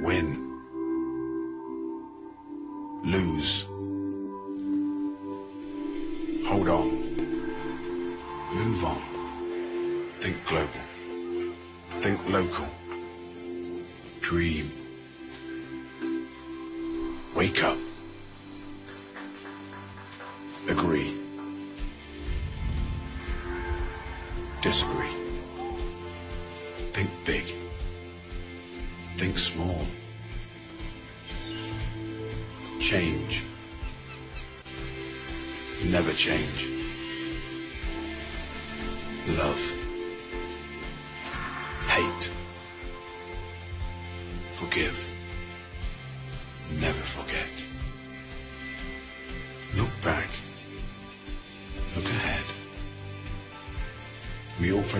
win.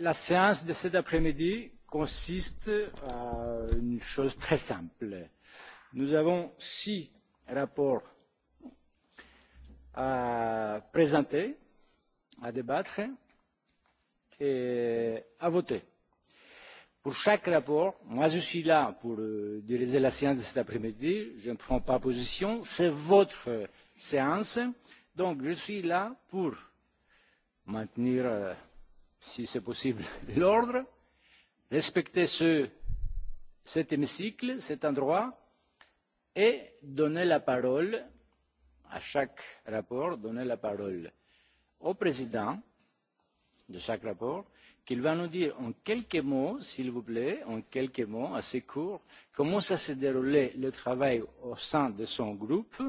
La séance de cet après-midi consiste à une chose très simple. Nous avons six rapports à présenter, à débattre et à voter. Pour chaque rapport, moi je suis là pour euh, diriger la séance de cet après-midi, je ne prends pas position, c'est votre séance, donc je suis là pour maintenir euh, si c'est possible, l'ordre, respecter ce, cet hémicycle, cet endroit, et donner la parole à chaque rapport, donner la parole au président de chaque rapport, qu'il va nous dire en quelques mots, s'il vous plaît, en quelques mots, assez courts, comment ça s'est déroulé le travail au sein de son groupe,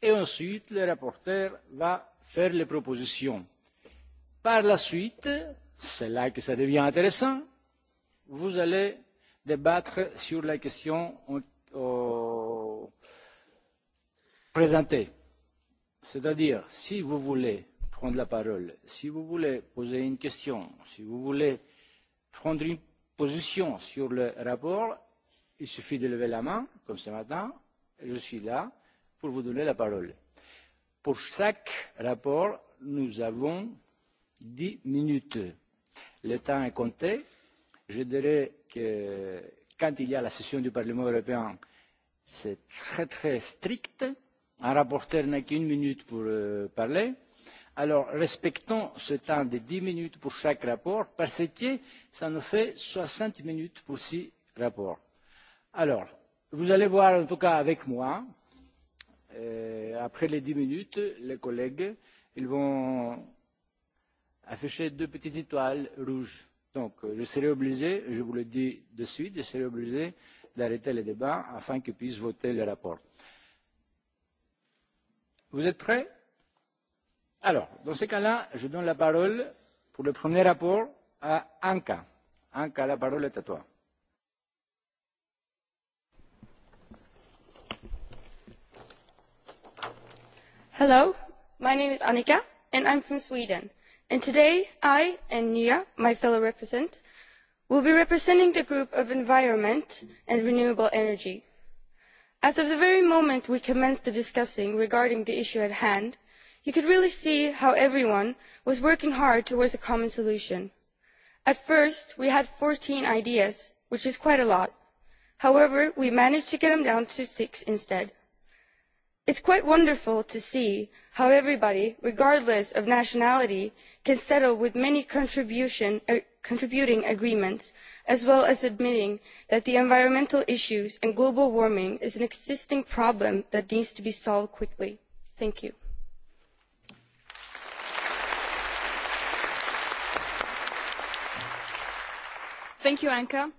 et ensuite le rapporteur va faire les propositions. Par la suite, c'est là que ça devient intéressant, vous allez débattre sur la question présentée. C'est-à-dire, si vous voulez prendre la parole, si vous voulez poser une question, si vous voulez prendre une position sur le rapport, il suffit de lever la main, comme ce matin, et je suis là pour vous donner la parole. Pour chaque rapport, nous avons dix minutes le temps est compté. Je dirais que quand il y a la session du Parlement européen, c'est très très strict. Un rapporteur n'a qu'une minute pour euh, parler. Alors respectons ce temps de dix minutes pour chaque rapport parce que ça nous fait soixante minutes pour six rapports. Alors, vous allez voir en tout cas avec moi, euh, après les dix minutes, les collègues, ils vont afficher deux petites étoiles rouges. Donc, je serai obligé, je vous le dis de suite, je serai obligé d'arrêter le débat afin qu'ils puissent voter le rapport. Vous êtes prêts Alors, dans ce cas-là, je donne la parole pour le premier rapport à Anka. Anka, la parole est à toi. Hello, my name is Annika and I'm from Sweden and today i and nia my fellow representative will be representing the group of environment and renewable energy. as of the very moment we commenced the discussion regarding the issue at hand you could really see how everyone was working hard towards a common solution. at first we had fourteen ideas which is quite a lot. however we managed to get them down to six instead. It's quite wonderful to see how everybody, regardless of nationality, can settle with many contribution, uh, contributing agreements, as well as admitting that the environmental issues and global warming is an existing problem that needs to be solved quickly. Thank you. Thank you, Anka.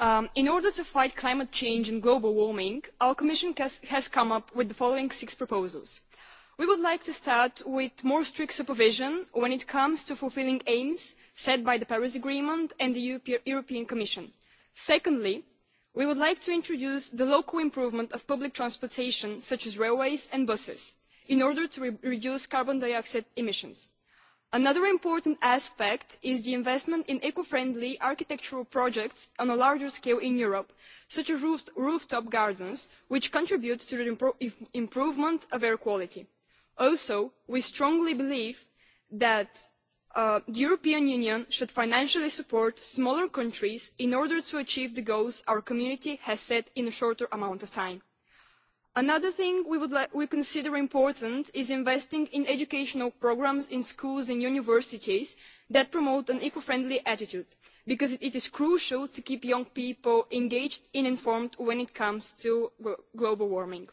Um, in order to fight climate change and global warming, our Commission has, has come up with the following six proposals. We would like to start with more strict supervision when it comes to fulfilling aims set by the Paris Agreement and the Europe European Commission. Secondly, we would like to introduce the local improvement of public transportation, such as railways and buses, in order to re reduce carbon dioxide emissions. Another important aspect is the investment in eco-friendly architectural projects on a larger scale in Europe, such as roof rooftop gardens, which contribute to the improvement of air quality. Also, we strongly believe that uh, the European Union should financially support smaller countries in order to achieve the goals our community has set in a shorter amount of time. Another thing we, would we consider important is investing in educational programmes in schools and universities that promote an eco-friendly attitude, because it is crucial to keep young people engaged and informed when it comes to global warming.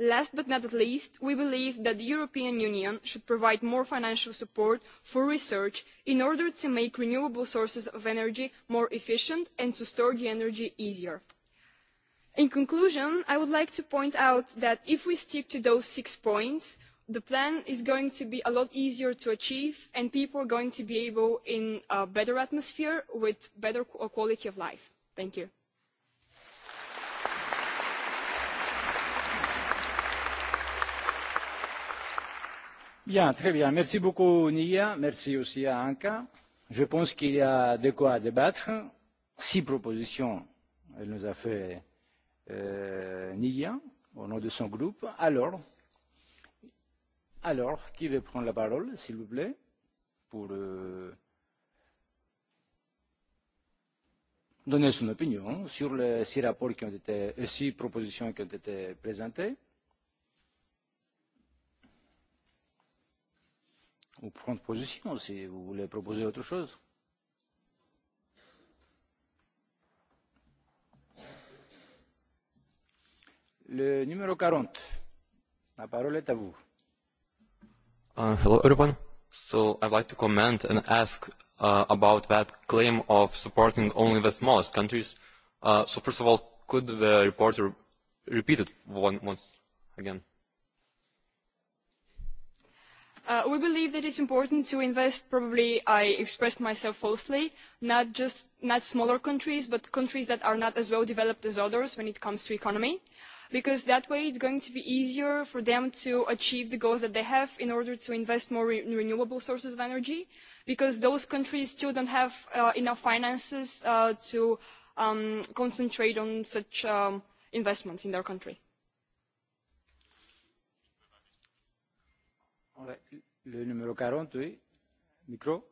Last but not least, we believe that the European Union should provide more financial support for research in order to make renewable sources of energy more efficient and to store the energy easier. In conclusion, I would like to point out that if we stick to those six points, the plan is going to be a lot easier to achieve and people are going to be able in a better atmosphere with better uh, quality of life. Thank you. Bien, très bien. Merci beaucoup, Nia. Merci aussi à Anka. Je pense qu'il y a de quoi débattre. Six propositions, elle nous a fait euh, Nia, au nom de son groupe. Alors, alors qui veut prendre la parole, s'il vous plaît, pour euh, donner son opinion sur les six rapports qui ont été, euh, six propositions qui ont été présentées Ou prendre position si vous voulez proposer autre chose. Uh, hello, everyone. So I'd like to comment and ask uh, about that claim of supporting only the smallest countries. Uh, so first of all, could the reporter repeat it one, once again? Uh, we believe that it's important to invest, probably I expressed myself falsely, not just not smaller countries, but countries that are not as well developed as others when it comes to economy. Uh, because that way it's going to be easier for them to achieve the goals that they have in order to invest more in renewable sources of energy because those countries still don't have uh, enough finances uh, to um, concentrate on such um, investments in their country. Le numéro 40, oui. Micro.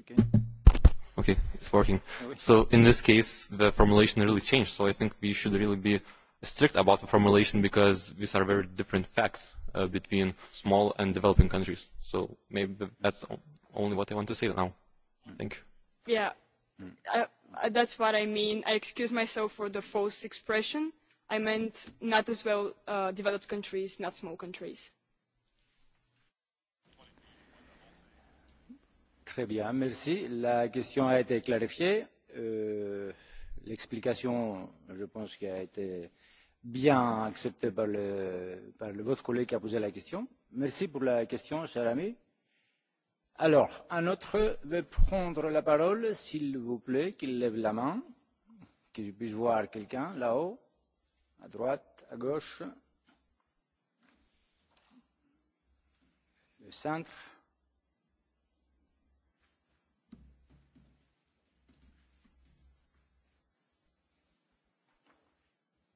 Okay. Okay, it's working. So in this case, the formulation really changed. So I think we should really be strict about the formulation because these are very different facts uh, between small and developing countries. So maybe that's only what I want to say now. Thank you. Yeah, mm. I, I, that's what I mean. I excuse myself for the false expression. I meant not as well uh, developed countries, not small countries. Très bien, merci. La question a été clarifiée. Euh, L'explication, je pense, qui a été euh, bien accepté par le, votre collègue qui a posé la question. Merci pour la question, cher ami. Alors, un autre veut prendre la parole, s'il vous plaît, qu'il lève la main, que je puisse voir quelqu'un là-haut, à droite, à gauche, le centre.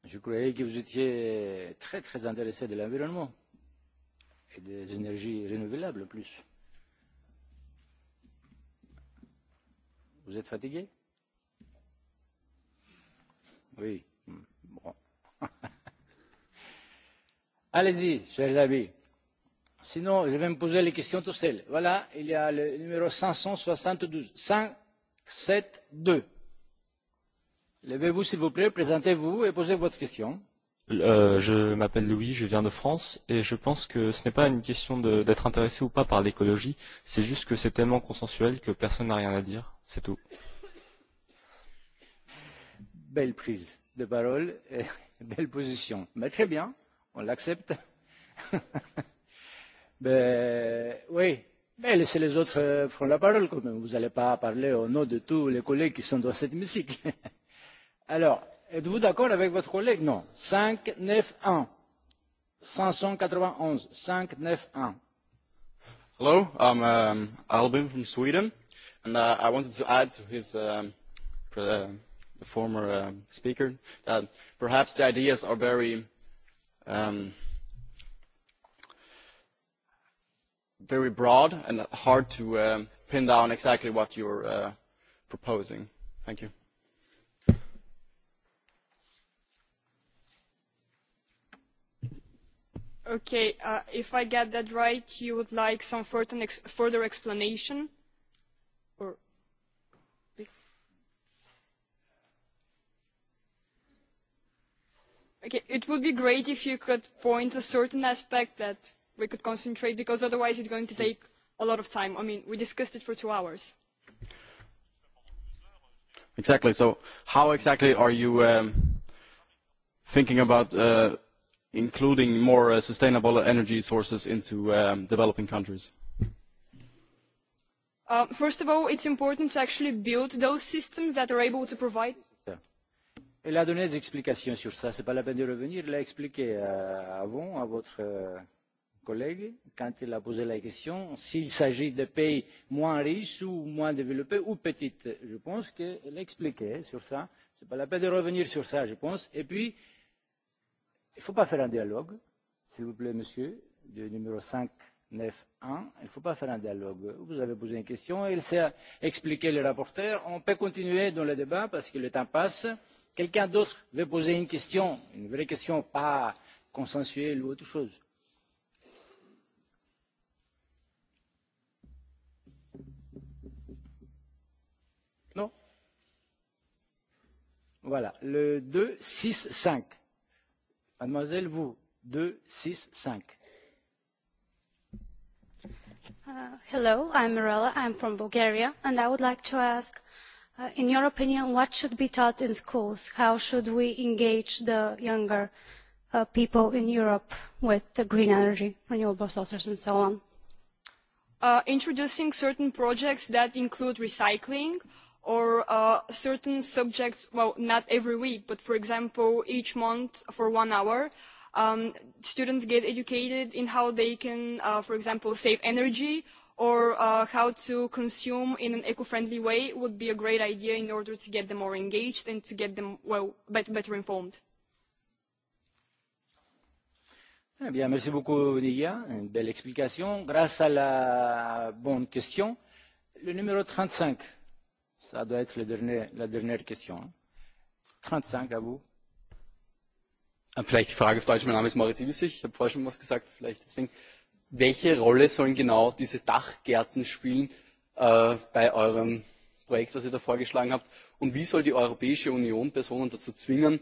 Je croyais que vous étiez très très intéressé de l'environnement et des énergies renouvelables en plus. Vous êtes fatigué Oui. Bon. Allez-y, chers amis. Sinon, je vais me poser les questions tout seul. Voilà, il y a le numéro 572. 572. Levez-vous, s'il vous plaît, présentez-vous et posez votre question. Euh, je m'appelle Louis, je viens de France et je pense que ce n'est pas une question d'être intéressé ou pas par l'écologie, c'est juste que c'est tellement consensuel que personne n'a rien à dire, c'est tout. Belle prise de parole, et belle position. Mais très bien, on l'accepte. oui, mais laissez les autres euh, prendre la parole quand même. Vous n'allez pas parler au nom de tous les collègues qui sont dans cet hémicycle. Alors, êtes-vous d'accord avec votre collègue Non. 5, 9, 1. 591. 5, 9, 1. Hello, I'm um, Albin from Sweden, and uh, I wanted to add to his um, uh, the former uh, speaker that perhaps the ideas are very um, very broad and hard to um, pin down exactly what you're uh, proposing. Thank you. Okay, uh, if I get that right, you would like some further, ex further explanation? Or Okay, it would be great if you could point a certain aspect that we could concentrate, because otherwise it's going to take a lot of time. I mean, we discussed it for two hours. Exactly. So how exactly are you um, thinking about uh, including more uh, sustainable energy sources into um, developing countries? Uh, first of all, it's important to actually build those systems that are able to provide. Elle a donné des explications sur ça. Ce n'est pas la peine de revenir. Elle l'a expliqué euh, avant à votre euh, collègue quand il a posé la question s'il s'agit de pays moins riches ou moins développés ou petites. Je pense qu'elle a expliqué sur ça. Ce n'est pas la peine de revenir sur ça, je pense. Et puis, Il ne faut pas faire un dialogue, s'il vous plaît, monsieur, du numéro 591. neuf un il ne faut pas faire un dialogue. vous avez posé une question il s'est expliqué le rapporteur on peut continuer dans le débat parce que le temps passe. quelqu'un d'autre veut poser une question une vraie question pas consensuelle ou autre chose? non? voilà le deux six cinq. Mademoiselle six cinq. Uh, hello, I'm Mirella. I'm from Bulgaria, and I would like to ask, uh, in your opinion, what should be taught in schools? How should we engage the younger uh, people in Europe with the green energy, renewable sources, and so on? Uh, introducing certain projects that include recycling, or uh, certain subjects, well, not every week, but for example, each month for one hour, um, students get educated in how they can, uh, for example, save energy or uh, how to consume in an eco-friendly way would be a great idea in order to get them more engaged and to get them well, bet better informed. Eh bien, merci beaucoup, Nia. Une belle explication. Grâce à la bonne question, le numéro 35, Ça doit être le dernier, la dernière question. 35 à vous. Ah, vielleicht die Frage auf Deutsch. Mein Name ist Moritz Ibisich. Ich habe vorher schon was gesagt. Vielleicht deswegen. Welche Rolle sollen genau diese Dachgärten spielen äh, bei eurem Projekt, das ihr da vorgeschlagen habt? Und wie soll die Europäische Union Personen dazu zwingen,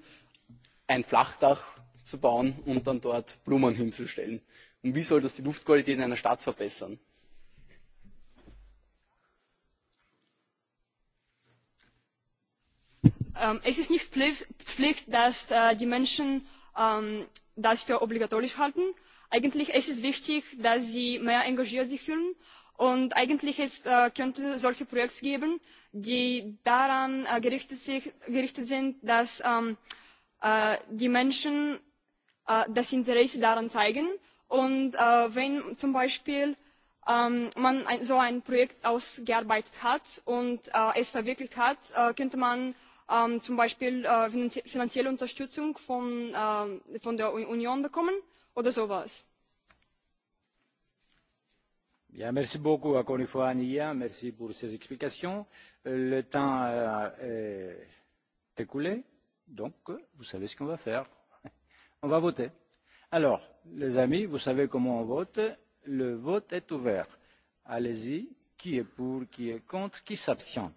ein Flachdach zu bauen und dann dort Blumen hinzustellen? Und wie soll das die Luftqualität in einer Stadt verbessern? Ähm, es ist nicht Pflicht, Pflicht dass äh, die Menschen ähm, das für obligatorisch halten. Eigentlich ist es wichtig, dass sie mehr engagiert sich fühlen. Und eigentlich ist, äh, könnte es solche Projekte geben, die daran äh, gerichtet, sich, gerichtet sind, dass ähm, äh, die Menschen äh, das Interesse daran zeigen. Und äh, wenn zum Beispiel ähm, man ein, so ein Projekt ausgearbeitet hat und äh, es verwirklicht hat, äh, könnte man ähm, zum Beispiel äh, finanzie finanzielle Unterstützung von, äh, von der Union bekommen oder sowas. Bien, merci beaucoup à une Anilla, merci pour ces explications. Euh, le temps euh, est écoulé, donc vous savez ce qu'on va faire. On va voter. Alors, les amis, vous savez comment on vote. Le vote est ouvert. Allez-y. Qui est pour Qui est contre Qui s'abstient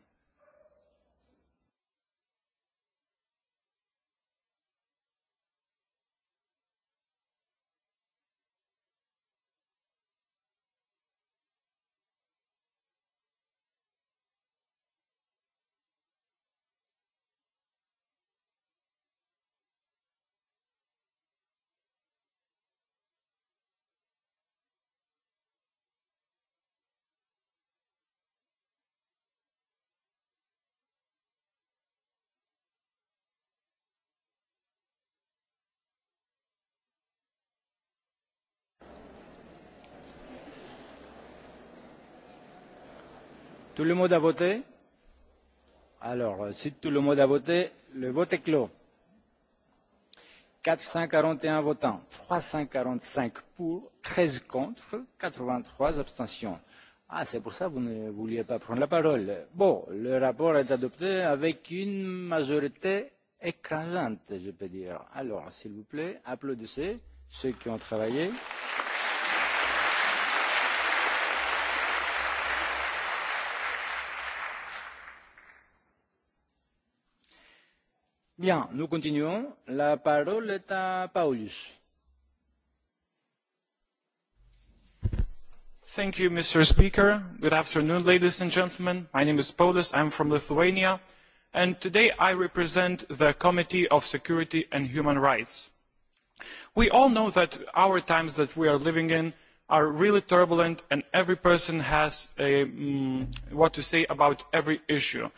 Tout le monde a voté Alors, euh, si tout le monde a voté, le vote est clos. 441 votants, 345 pour, 13 contre, 83 abstentions. Ah, c'est pour ça que vous ne vouliez pas prendre la parole. Bon, le rapport est adopté avec une majorité écrasante, je peux dire. Alors, s'il vous plaît, applaudissez ceux qui ont travaillé. Applaudissements Bien, nous continuons. La parole est à Paulus. Thank you, Mr. Speaker. Good afternoon, ladies and gentlemen. My name is Paulus. I'm from Lithuania. And today I represent the Committee of Security and Human Rights. We all know that our times that we are living in are really turbulent and every person has a, um, what to say about every issue.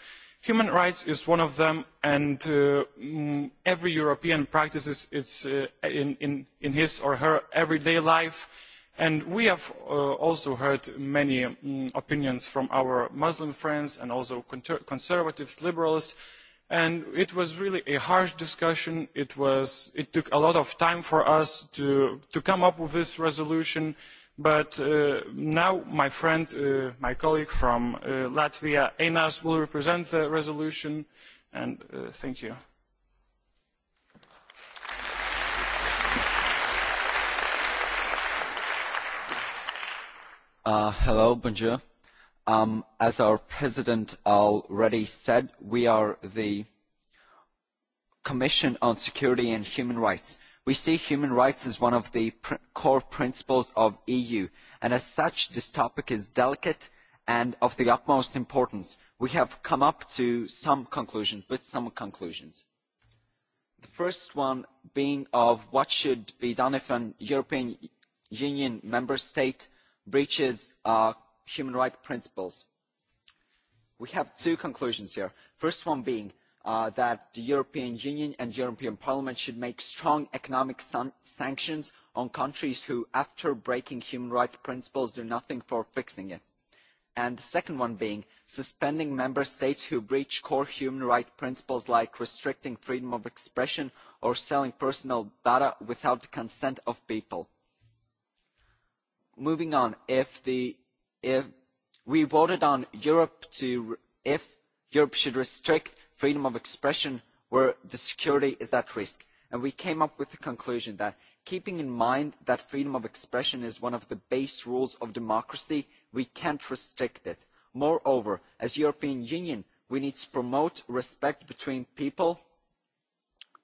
Human rights is one of them, and uh, mm, every European practices it uh, in, in, in his or her everyday life. And we have uh, also heard many um, opinions from our Muslim friends and also conservatives, liberals, and it was really a harsh discussion. It, was, it took a lot of time for us to, to come up with this resolution. Uh, But uh, now my friend, uh, my colleague from uh, Latvia, Einas, will represent the resolution, and uh, thank you. Uh, hello, bonjour. Um, as our president already said, we are the Commission on Security and Human Rights We see human rights as one of the pr core principles of the EU, and as such, this topic is delicate and of the utmost importance. We have come up to some conclusions, with some conclusions. The first one being of what should be done if a European Union member state breaches uh, human rights principles. We have two conclusions here. First one being Uh, that the European Union and European Parliament should make strong economic san sanctions on countries who, after breaking human rights principles, do nothing for fixing it. And the second one being suspending member states who breach core human rights principles like restricting freedom of expression or selling personal data without the consent of people. Moving on, if the if we voted on Europe to if Europe should restrict freedom of expression where the security is at risk. And we came up with the conclusion that keeping in mind that freedom of expression is one of the base rules of democracy, we cannot restrict it. Moreover, as the European Union, we need to promote respect between people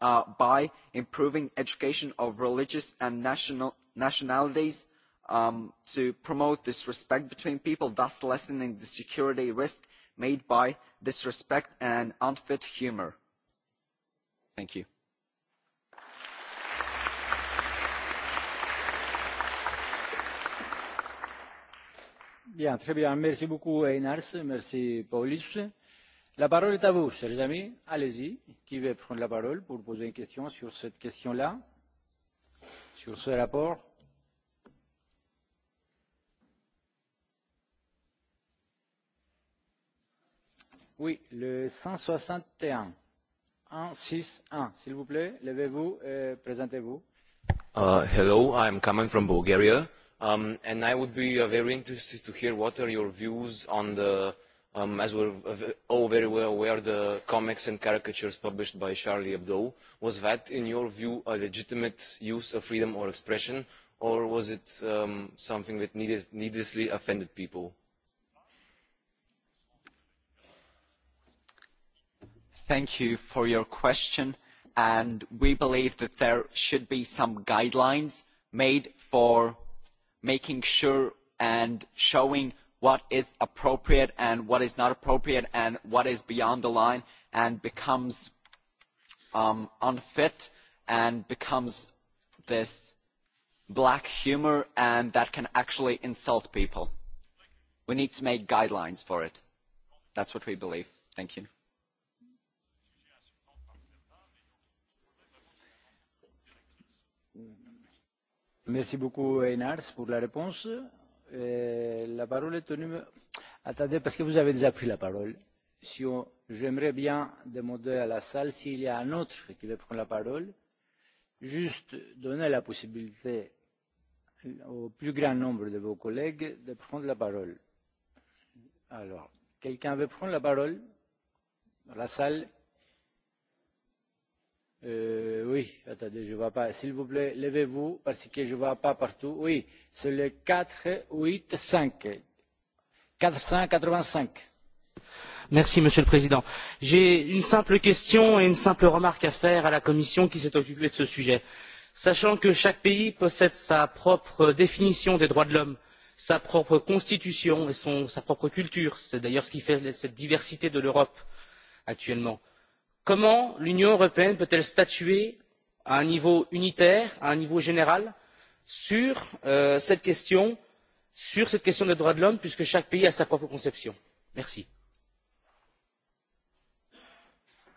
uh, by improving education of religious and national, nationalities um, to promote this respect between people, thus lessening the security risk made by disrespect and unfit humour. Thank you. Bien, très bien. Merci beaucoup, Einars. Merci, Paulus. La parole est à vous, chers amis. Allez-y. Qui veut prendre la parole pour poser une question sur cette question-là, sur ce rapport Oui, le 161. 1, 6, S'il vous plaît, levez-vous et présentez-vous. Uh, hello, I'm coming from Bulgaria. Um, and I would be uh, very interested to hear what are your views on the, um, as we're all very well aware, the comics and caricatures published by Charlie Hebdo. Was that, in your view, a legitimate use of freedom or expression, or was it um, something that needed, needlessly offended people? Thank you for your question. And we believe that there should be some guidelines made for making sure and showing what is appropriate and what is not appropriate and what is beyond the line and becomes um, unfit and becomes this black humor and that can actually insult people. We need to make guidelines for it. That's what we believe. Thank you. Merci beaucoup, Einars, pour la réponse. Euh, la parole est tenue. Attendez, parce que vous avez déjà pris la parole. J'aimerais bien demander à la salle s'il y a un autre qui veut prendre la parole. Juste donner la possibilité au plus grand nombre de vos collègues de prendre la parole. Alors, quelqu'un veut prendre la parole dans la salle Euh, oui, attendez, je ne vois pas. S'il vous plaît, levez-vous parce que je ne vois pas partout. Oui, c'est le 485. 485. Merci, Monsieur le Président. J'ai une simple question et une simple remarque à faire à la Commission qui s'est occupée de ce sujet. Sachant que chaque pays possède sa propre définition des droits de l'homme, sa propre constitution et son, sa propre culture, c'est d'ailleurs ce qui fait cette diversité de l'Europe actuellement comment l'union européenne peut elle statuer à un niveau unitaire à un niveau général sur euh, cette question sur cette question des droits de l'homme puisque chaque pays a sa propre conception? merci.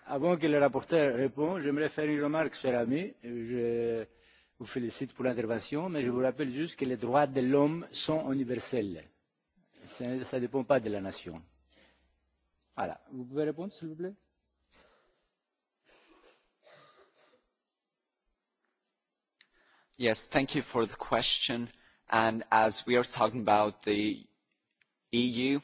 avant que le rapporteur réponde j'aimerais faire une remarque cher ami. je vous félicite pour l'intervention mais je vous rappelle juste que les droits de l'homme sont universels. cela ne dépend pas de la nation. voilà. vous pouvez répondre s'il vous plaît? Yes, thank you for the question. And as we are talking about the EU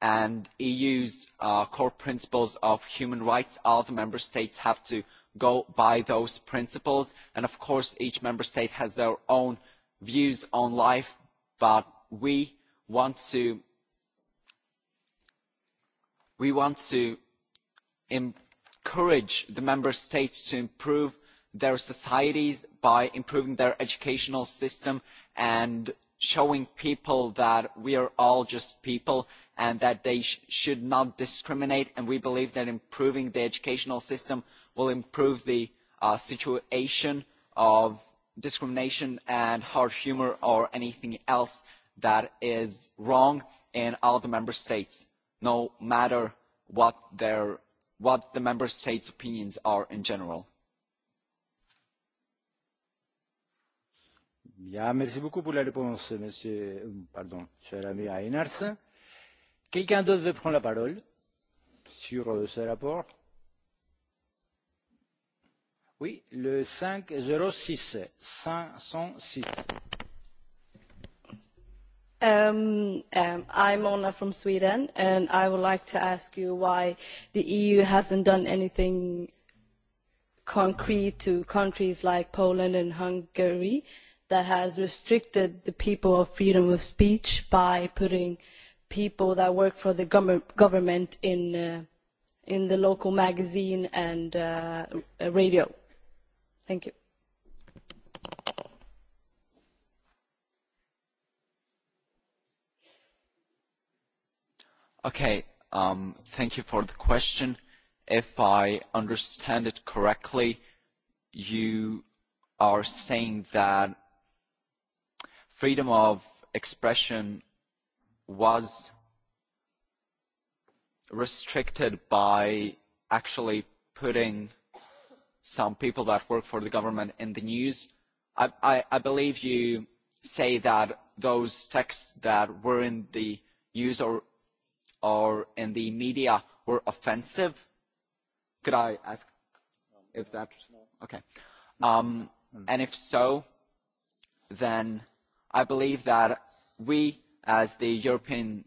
and EU's uh, core principles of human rights, all the member states have to go by those principles. And of course, each member state has their own views on life, but we want to we want to encourage the member states to improve their societies by improving their educational system and showing people that we are all just people and that they sh should not discriminate. And we believe that improving the educational system will improve the uh, situation of discrimination and harsh humour or anything else that is wrong in all the member states, no matter what, their, what the member states' opinions are in general. merci beaucoup pour la réponse, monsieur, ami Einars. Quelqu'un d'autre veut prendre la parole sur euh, ce rapport Oui, le 506, 506. Um, um, I'm Ona from Sweden, and I would like to ask you why the EU hasn't done anything concrete to countries like Poland and Hungary that has restricted the people of freedom of speech by putting people that work for the government in, uh, in the local magazine and uh, radio. Thank you. Okay, um, thank you for the question. If I understand it correctly, you are saying that freedom of expression was restricted by actually putting some people that work for the government in the news. I, I, I believe you say that those texts that were in the news or, or in the media were offensive. Could I ask if that? Okay. Um, hmm. and if so, then i believe that we, as the European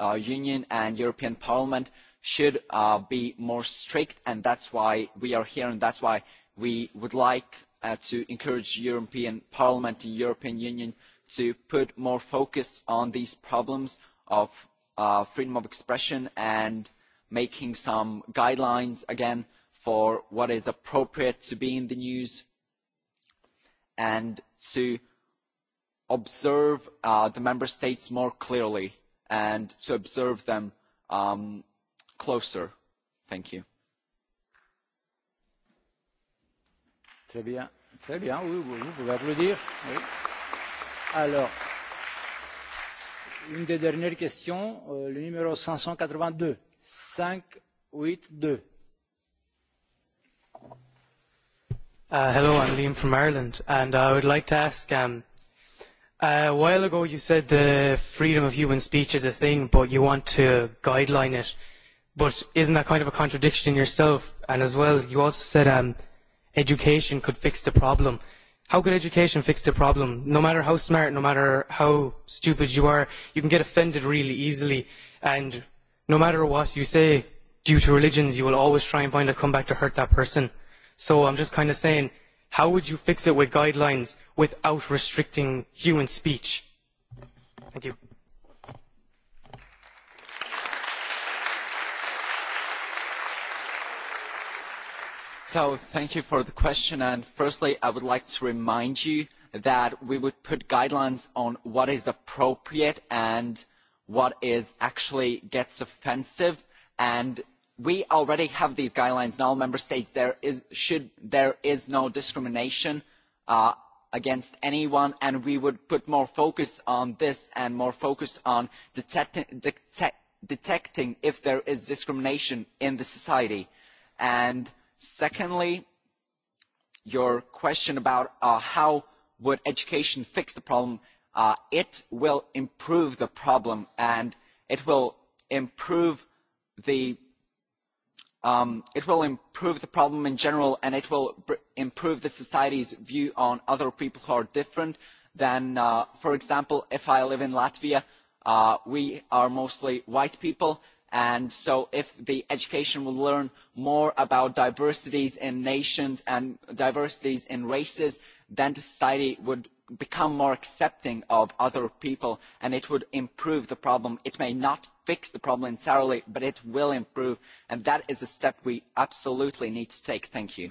uh, Union and European Parliament, should uh, be more strict, and that's why we are here, and that's why we would like uh, to encourage European Parliament and European Union to put more focus on these problems of uh, freedom of expression and making some guidelines again for what is appropriate to be in the news and to observe uh, the member states more clearly and to observe them um, closer. Thank you. Très bien, très bien. Oui, oui, vous pouvez applaudir. Oui. Alors, une des dernières questions, euh, le numéro 582, 582. Uh, hello, I'm Liam from Ireland, and I would like to ask um, Uh, a while ago, you said the freedom of human speech is a thing, but you want to guideline it. But isn't that kind of a contradiction in yourself? And as well, you also said um, education could fix the problem. How could education fix the problem? No matter how smart, no matter how stupid you are, you can get offended really easily. And no matter what you say, due to religions, you will always try and find a comeback to hurt that person. So I'm just kind of saying how would you fix it with guidelines without restricting human speech? Thank you. So thank you for the question. And firstly, I would like to remind you that we would put guidelines on what is appropriate and what is actually gets offensive and we already have these guidelines in all member states. There is, should, there is no discrimination uh, against anyone, and we would put more focus on this and more focus on detecting, detect, detecting if there is discrimination in the society. And secondly, your question about uh, how would education fix the problem, uh, it will improve the problem and it will improve the Um, it will improve the problem in general and it will improve the society's view on other people who are different than, uh, for example, if I live in Latvia, uh, we are mostly white people. And so if the education will learn more about diversities in nations and diversities in races then society would become more accepting of other people and it would improve the problem. It may not fix the problem entirely, but it will improve. And that is the step we absolutely need to take. Thank you.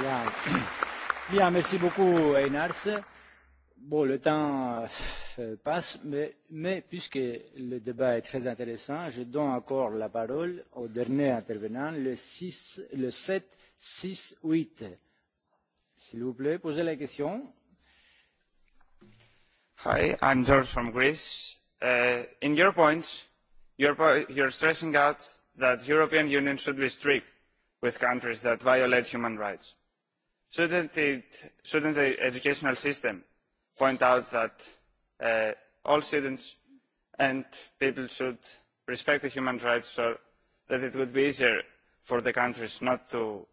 Bien. Bien, merci beaucoup, Einars. Bon, le temps euh, passe, mais, mais puisque le débat est très intéressant, je donne encore la parole au dernier intervenant, le, 6, le 7 Hi, I am george from greece. Uh, in your points you are stressing out that the european union should be strict with countries that violate human rights. shouldn't, it, the educational system point out that uh, all students and people should respect the human rights so that it would be easier for the countries not to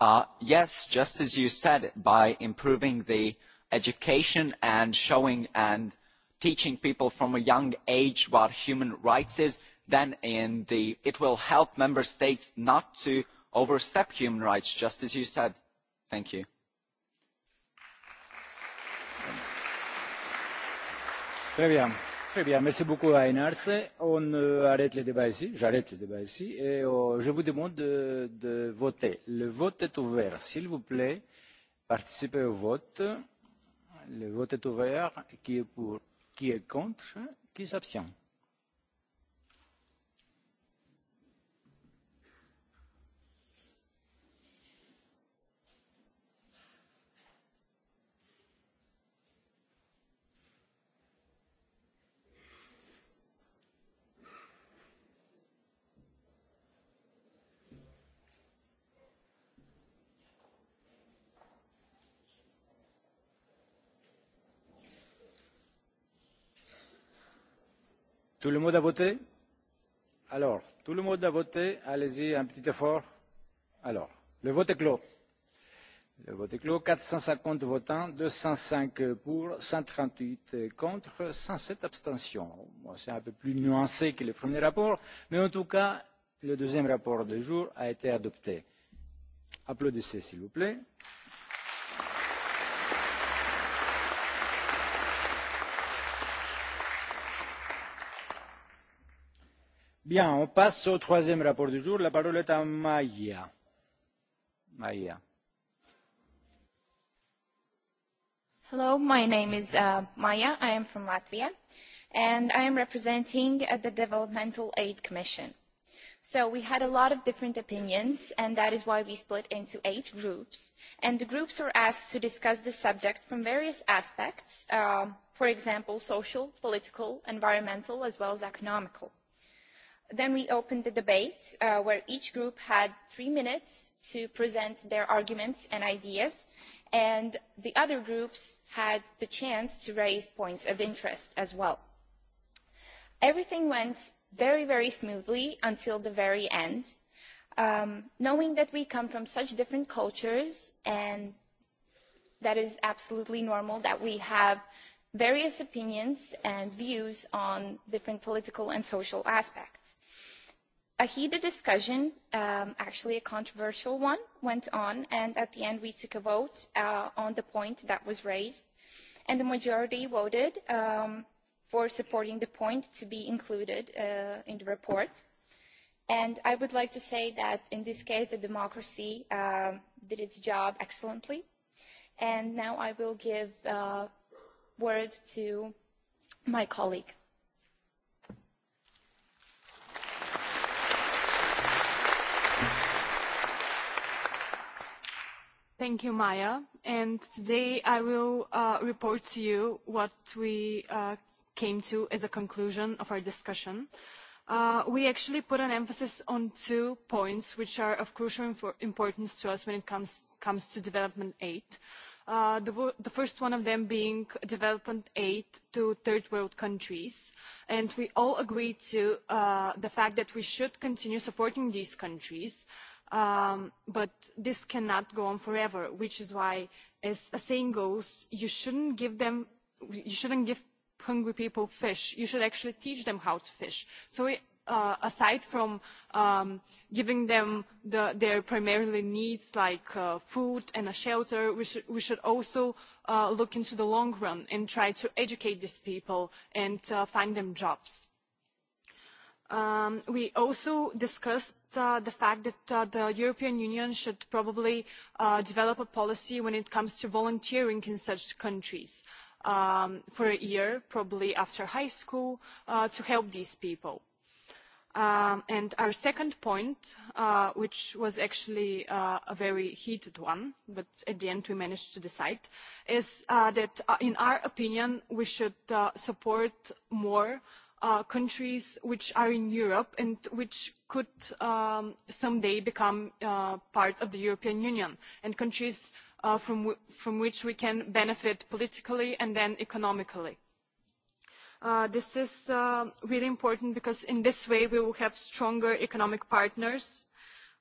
Uh, yes, just as you said, by improving the education and showing and teaching people from a young age what human rights is, then in the, it will help member states not to overstep human rights, just as you said. Thank you. Très bien, merci beaucoup Einars. On euh, arrête le débat ici, j'arrête le débat ici et euh, je vous demande de, de voter. Le vote est ouvert, s'il vous plaît, participez au vote. Le vote est ouvert, qui est pour, qui est contre, qui s'abstient Tout le monde a voté Alors, tout le monde a voté. Allez-y, un petit effort. Alors, le vote est clos. Le vote est clos. 450 votants, 205 pour, 138 contre, 107 abstentions. Bon, C'est un peu plus nuancé que le premier rapport, mais en tout cas, le deuxième rapport du jour a été adopté. Applaudissez, s'il vous plaît. Applaudissements on passe au troisième rapport du jour. La parole est à Maya. Maya. Hello, my name is uh, Maya. I am from Latvia, and I am representing uh, the Developmental Aid Commission. So we had a lot of different opinions, and that is why we split into eight groups. And the groups were asked to discuss the subject from various aspects, uh, for example, social, political, environmental, as well as economical then we opened the debate uh, where each group had three minutes to present their arguments and ideas and the other groups had the chance to raise points of interest as well. Everything went very, very smoothly until the very end. Um, knowing that we come from such different cultures and that is absolutely normal that we have various opinions and views on different political and social aspects a uh, heated discussion, um, actually a controversial one, went on, and at the end we took a vote uh, on the point that was raised, and the majority voted um, for supporting the point to be included uh, in the report. And I would like to say that in this case, the democracy uh, did its job excellently. And now I will give uh, words to my colleague. Thank you, Maya. And today I will uh, report to you what we uh, came to as a conclusion of our discussion. Uh, we actually put an emphasis on two points which are of crucial importance to us when it comes, comes to development aid. Uh, the, the first one of them being development aid to third world countries. And we all agree to uh, the fact that we should continue supporting these countries uh, Um, but this cannot go on forever, which is why, as a saying goes, you shouldn't give them, you shouldn't give hungry people fish. You should actually teach them how to fish. So we uh, aside from um, giving them the, their primarily needs like uh, food and a shelter, we, sh- we should also uh, look into the long run and try to educate these people and uh, find them jobs. Um, we also discussed uh, the fact that uh, the European Union should probably uh, develop a policy when it comes to volunteering in such countries um, for a year, probably after high school, uh, to help these people. Um, and our second point, uh, which was actually uh, a very heated one, but at the end we managed to decide, is that in our opinion we should support more Uh, countries which are in Europe and which could um, someday become uh, part of the European Union and countries uh, from, from which we can benefit politically and then economically. Uh, this is uh, really important because in this way we will have stronger economic partners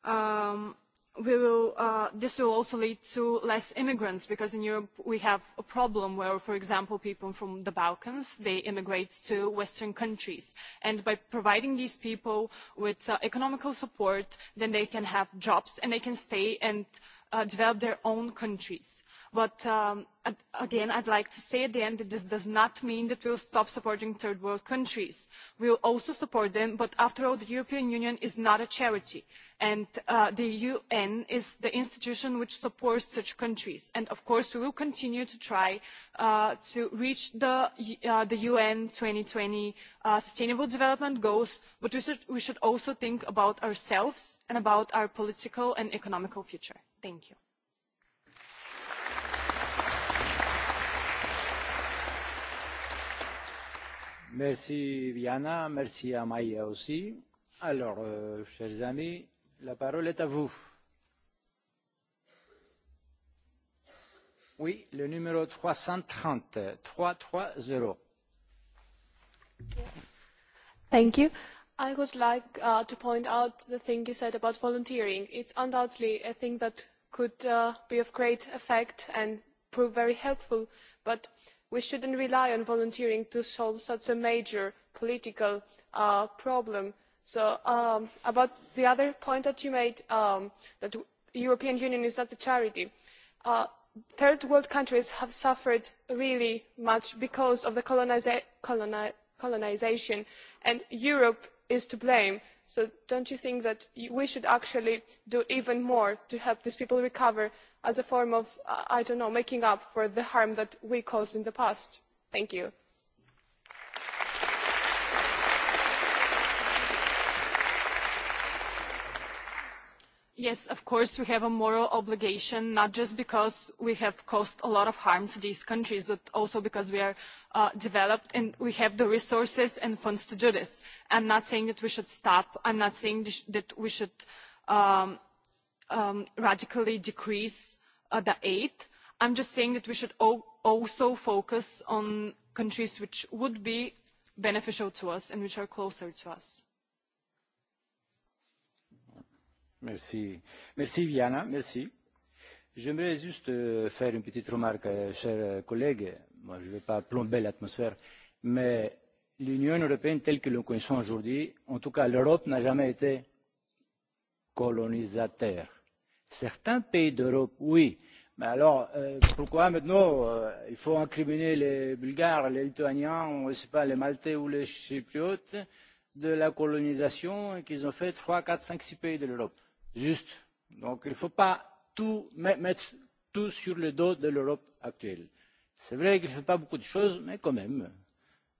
um, we will, uh, this will also lead to less immigrants because in Europe we have a problem where, for example, people from the Balkans, they immigrate to Western countries. And by providing these people with uh, economical support, then they can have jobs and they can stay and uh, develop their own countries But um, again, I'd like to say again that this does not mean that we'll stop supporting third world countries. We'll also support them, but after all, the European Union is not a charity. And uh, the UN is the institution which supports such countries. And of course, we will continue to try uh, to reach the, uh, the UN 2020 uh, Sustainable Development Goals, but we should, we should also think about ourselves and about our political and economical future. Thank you. Merci Viana, merci à Maya aussi. Alors, euh, chers amis, la parole est à vous. Oui, le numéro 330, 330. Yes. Thank you. I would like uh, to point out the thing you said about volunteering. It's undoubtedly a thing that could uh, be of great effect and prove very helpful, but we should not rely on volunteering to solve such a major political uh, problem. So um, about the other point that you made, um, that the European Union is not a charity. Uh, third world countries have suffered really much because of the coloni colonisation and Europe is to blame. So don't you think that we should actually do even more to help these people recover as a form of, uh, I don't know, making up for the harm that we caused in the past? Thank you. yes, of course, we have a moral obligation, not just because we have caused a lot of harm to these countries, but also because we are uh, developed and we have the resources and funds to do this. I'm not saying that we should stop. I'm not saying that we should um, um, radically decrease uh, the aid. I'm just saying that we should also focus on countries which would be beneficial to us and which are closer to us. Merci. Viana. Merci. J'aimerais juste euh, faire une petite remarque, euh, chers euh, collègues. Moi, je ne vais pas plomber l'atmosphère, mais l'Union européenne telle que nous connaissons aujourd'hui, en tout cas l'Europe n'a jamais été colonisateur. Certains pays d'Europe, oui. Mais alors, pourquoi maintenant il faut incriminer les Bulgares, les Lituaniens, je ne sais pas, les Maltais ou les Chypriotes de la colonisation qu'ils ont fait trois, quatre, cinq, six pays de l'Europe juste. Donc il ne faut pas tout mettre tout sur le dos de l'Europe actuelle. C'est vrai qu'il ne fait pas beaucoup de choses, mais quand même,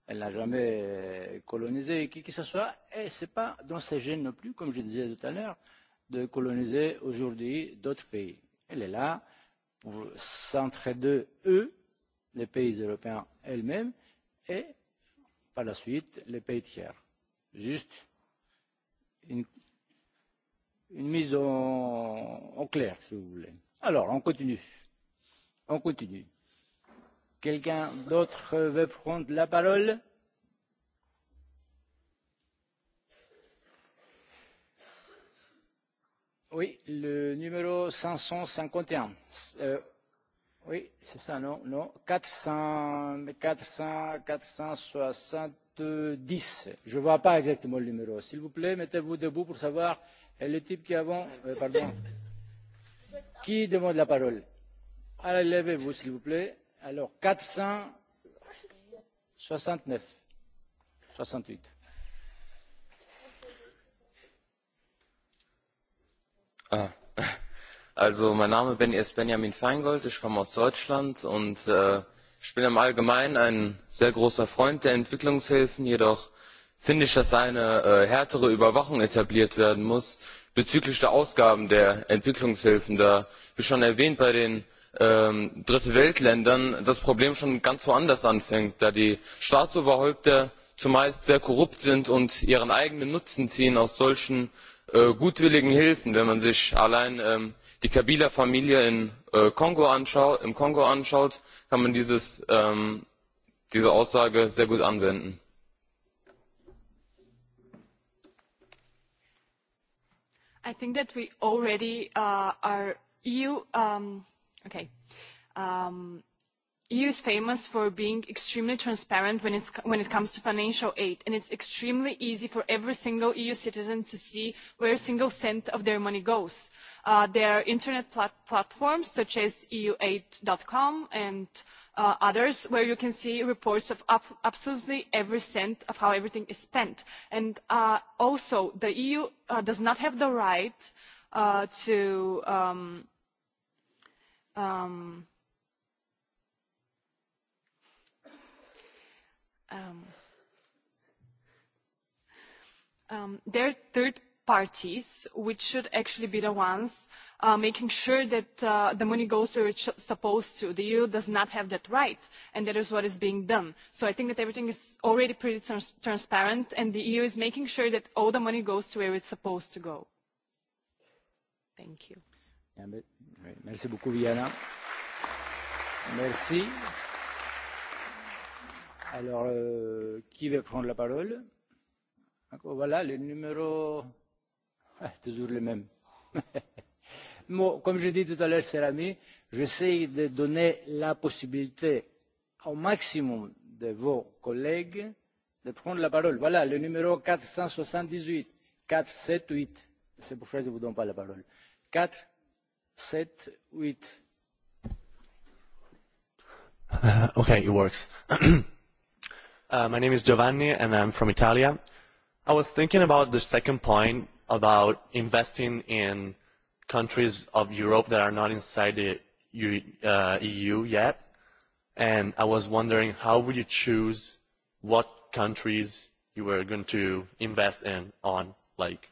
elle n'a jamais colonisé qui que ce soit, et ce n'est pas dans ses gènes non plus, comme je disais tout à l'heure, de coloniser aujourd'hui d'autres pays. Elle est là pour s'entraider, eux, les pays européens elles-mêmes, et par la suite, les pays tiers. Juste une une mise en, en clair, si vous voulez. Alors, on continue. On continue. Quelqu'un d'autre veut prendre la parole Oui, le numéro 551. Euh, oui, c'est ça, non, non. 400, 400, 470. Je ne vois pas exactement le numéro. S'il vous plaît, mettez-vous debout pour savoir le type qui avant, euh, pardon, qui demande la parole Allez, levez-vous, s'il vous plaît. Alors, 469, 68. Ah. Also, mein Name ist Benjamin Feingold, ich komme aus Deutschland und äh, ich bin im Allgemeinen ein sehr großer Freund der Entwicklungshilfen, jedoch finde ich, dass eine äh, härtere Überwachung etabliert werden muss bezüglich der Ausgaben der Entwicklungshilfen, da, wie schon erwähnt, bei den ähm, Dritte Weltländern das Problem schon ganz woanders anfängt, da die Staatsoberhäupter zumeist sehr korrupt sind und ihren eigenen Nutzen ziehen aus solchen äh, gutwilligen Hilfen. Wenn man sich allein ähm, die Kabila-Familie äh, im Kongo anschaut, kann man ähm, diese Aussage sehr gut anwenden. I think that we already uh, are EU. Um, okay. Um, EU is famous for being extremely transparent when, it's, when it comes to financial aid, and it's extremely easy for every single EU citizen to see where a single cent of their money goes. Uh, there are internet plat- platforms such as euaid.com and uh, uh, others where you can see reports of up, absolutely every cent of how everything is spent. And uh, also, the EU uh, does not have the right uh, to um, um, um, um, their third parties which should actually be the ones uh, making sure that uh, the money goes where it's supposed to. The EU does not have that right, and that is what is being done. So I think that everything is already pretty trans transparent, and the EU is making sure that all the money goes to where it's supposed to go. Thank you. Merci beaucoup, Viana. Merci. Alors, euh, qui veut prendre la parole Voilà, le numéro Ah, toujours les mêmes. Moi, comme je dis tout à l'heure, cher ami, j'essaie de donner la possibilité au maximum de vos collègues de prendre la parole. Voilà, le numéro 478, 478. C'est pour ça que je ne vous donne pas la parole. 4, 7, 8. Uh, okay, it works. uh, my name is Giovanni and I'm from Italia. I was thinking about the second point about investing in countries of Europe that are not inside the uh, EU yet. And I was wondering how would you choose what countries you were going to invest in on? Like,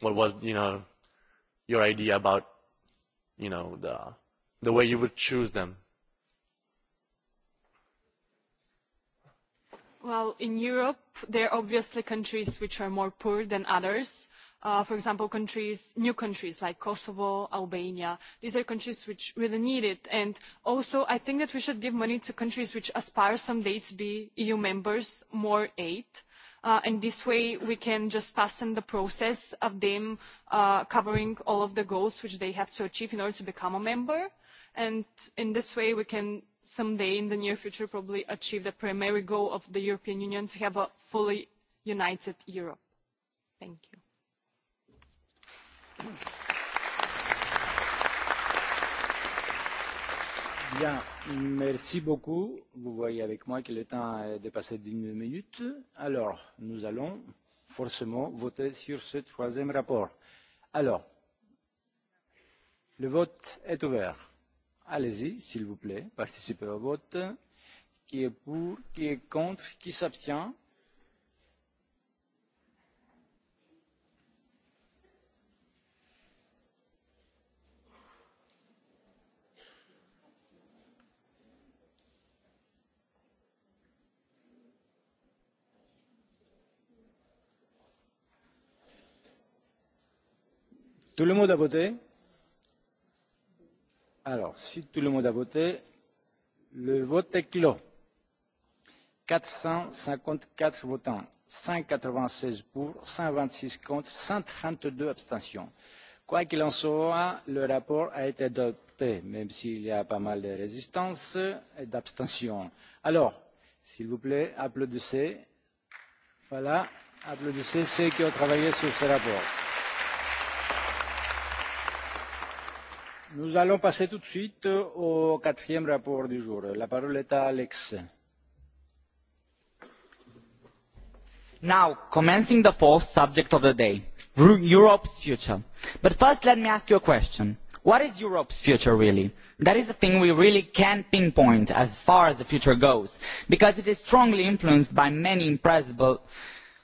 what was, you know, your idea about, you know, the, the way you would choose them? Well, in Europe, there are obviously countries which are more poor than others Uh, for example, countries, new countries like Kosovo, Albania. These are countries which really need it. And also, I think that we should give money to countries which aspire someday to be EU members, more aid. Uh, and this way, we can just fasten the process of them uh, covering all of the goals which they have to achieve in order to become a member. And in this way, we can someday in the near future probably achieve the primary goal of the European Union to have a fully united Europe. Thank you. Bien, merci beaucoup. Vous voyez avec moi que le temps est dépassé d'une minute. Alors, nous allons forcément voter sur ce troisième rapport. Alors, le vote est ouvert. Allez-y, s'il vous plaît, participez au vote. Qui est pour, qui est contre, qui s'abstient Tout le monde a voté Alors, si tout le monde a voté, le vote est clos. 454 votants, 196 pour, 126 contre, 132 abstentions. Quoi qu'il en soit, le rapport a été adopté, même s'il y a pas mal de résistance et d'abstentions. Alors, s'il vous plaît, applaudissez. Voilà, applaudissez ceux qui ont travaillé sur ce rapport. Nous allons passer tout de suite au quatrième rapport du jour. La parole est à Alex. Now, commencing the fourth subject of the day, Europe's future. But first, let me ask you a question. What is Europe's future really? That is the thing we really can pinpoint as far as the future goes, because it is strongly influenced by many impressible,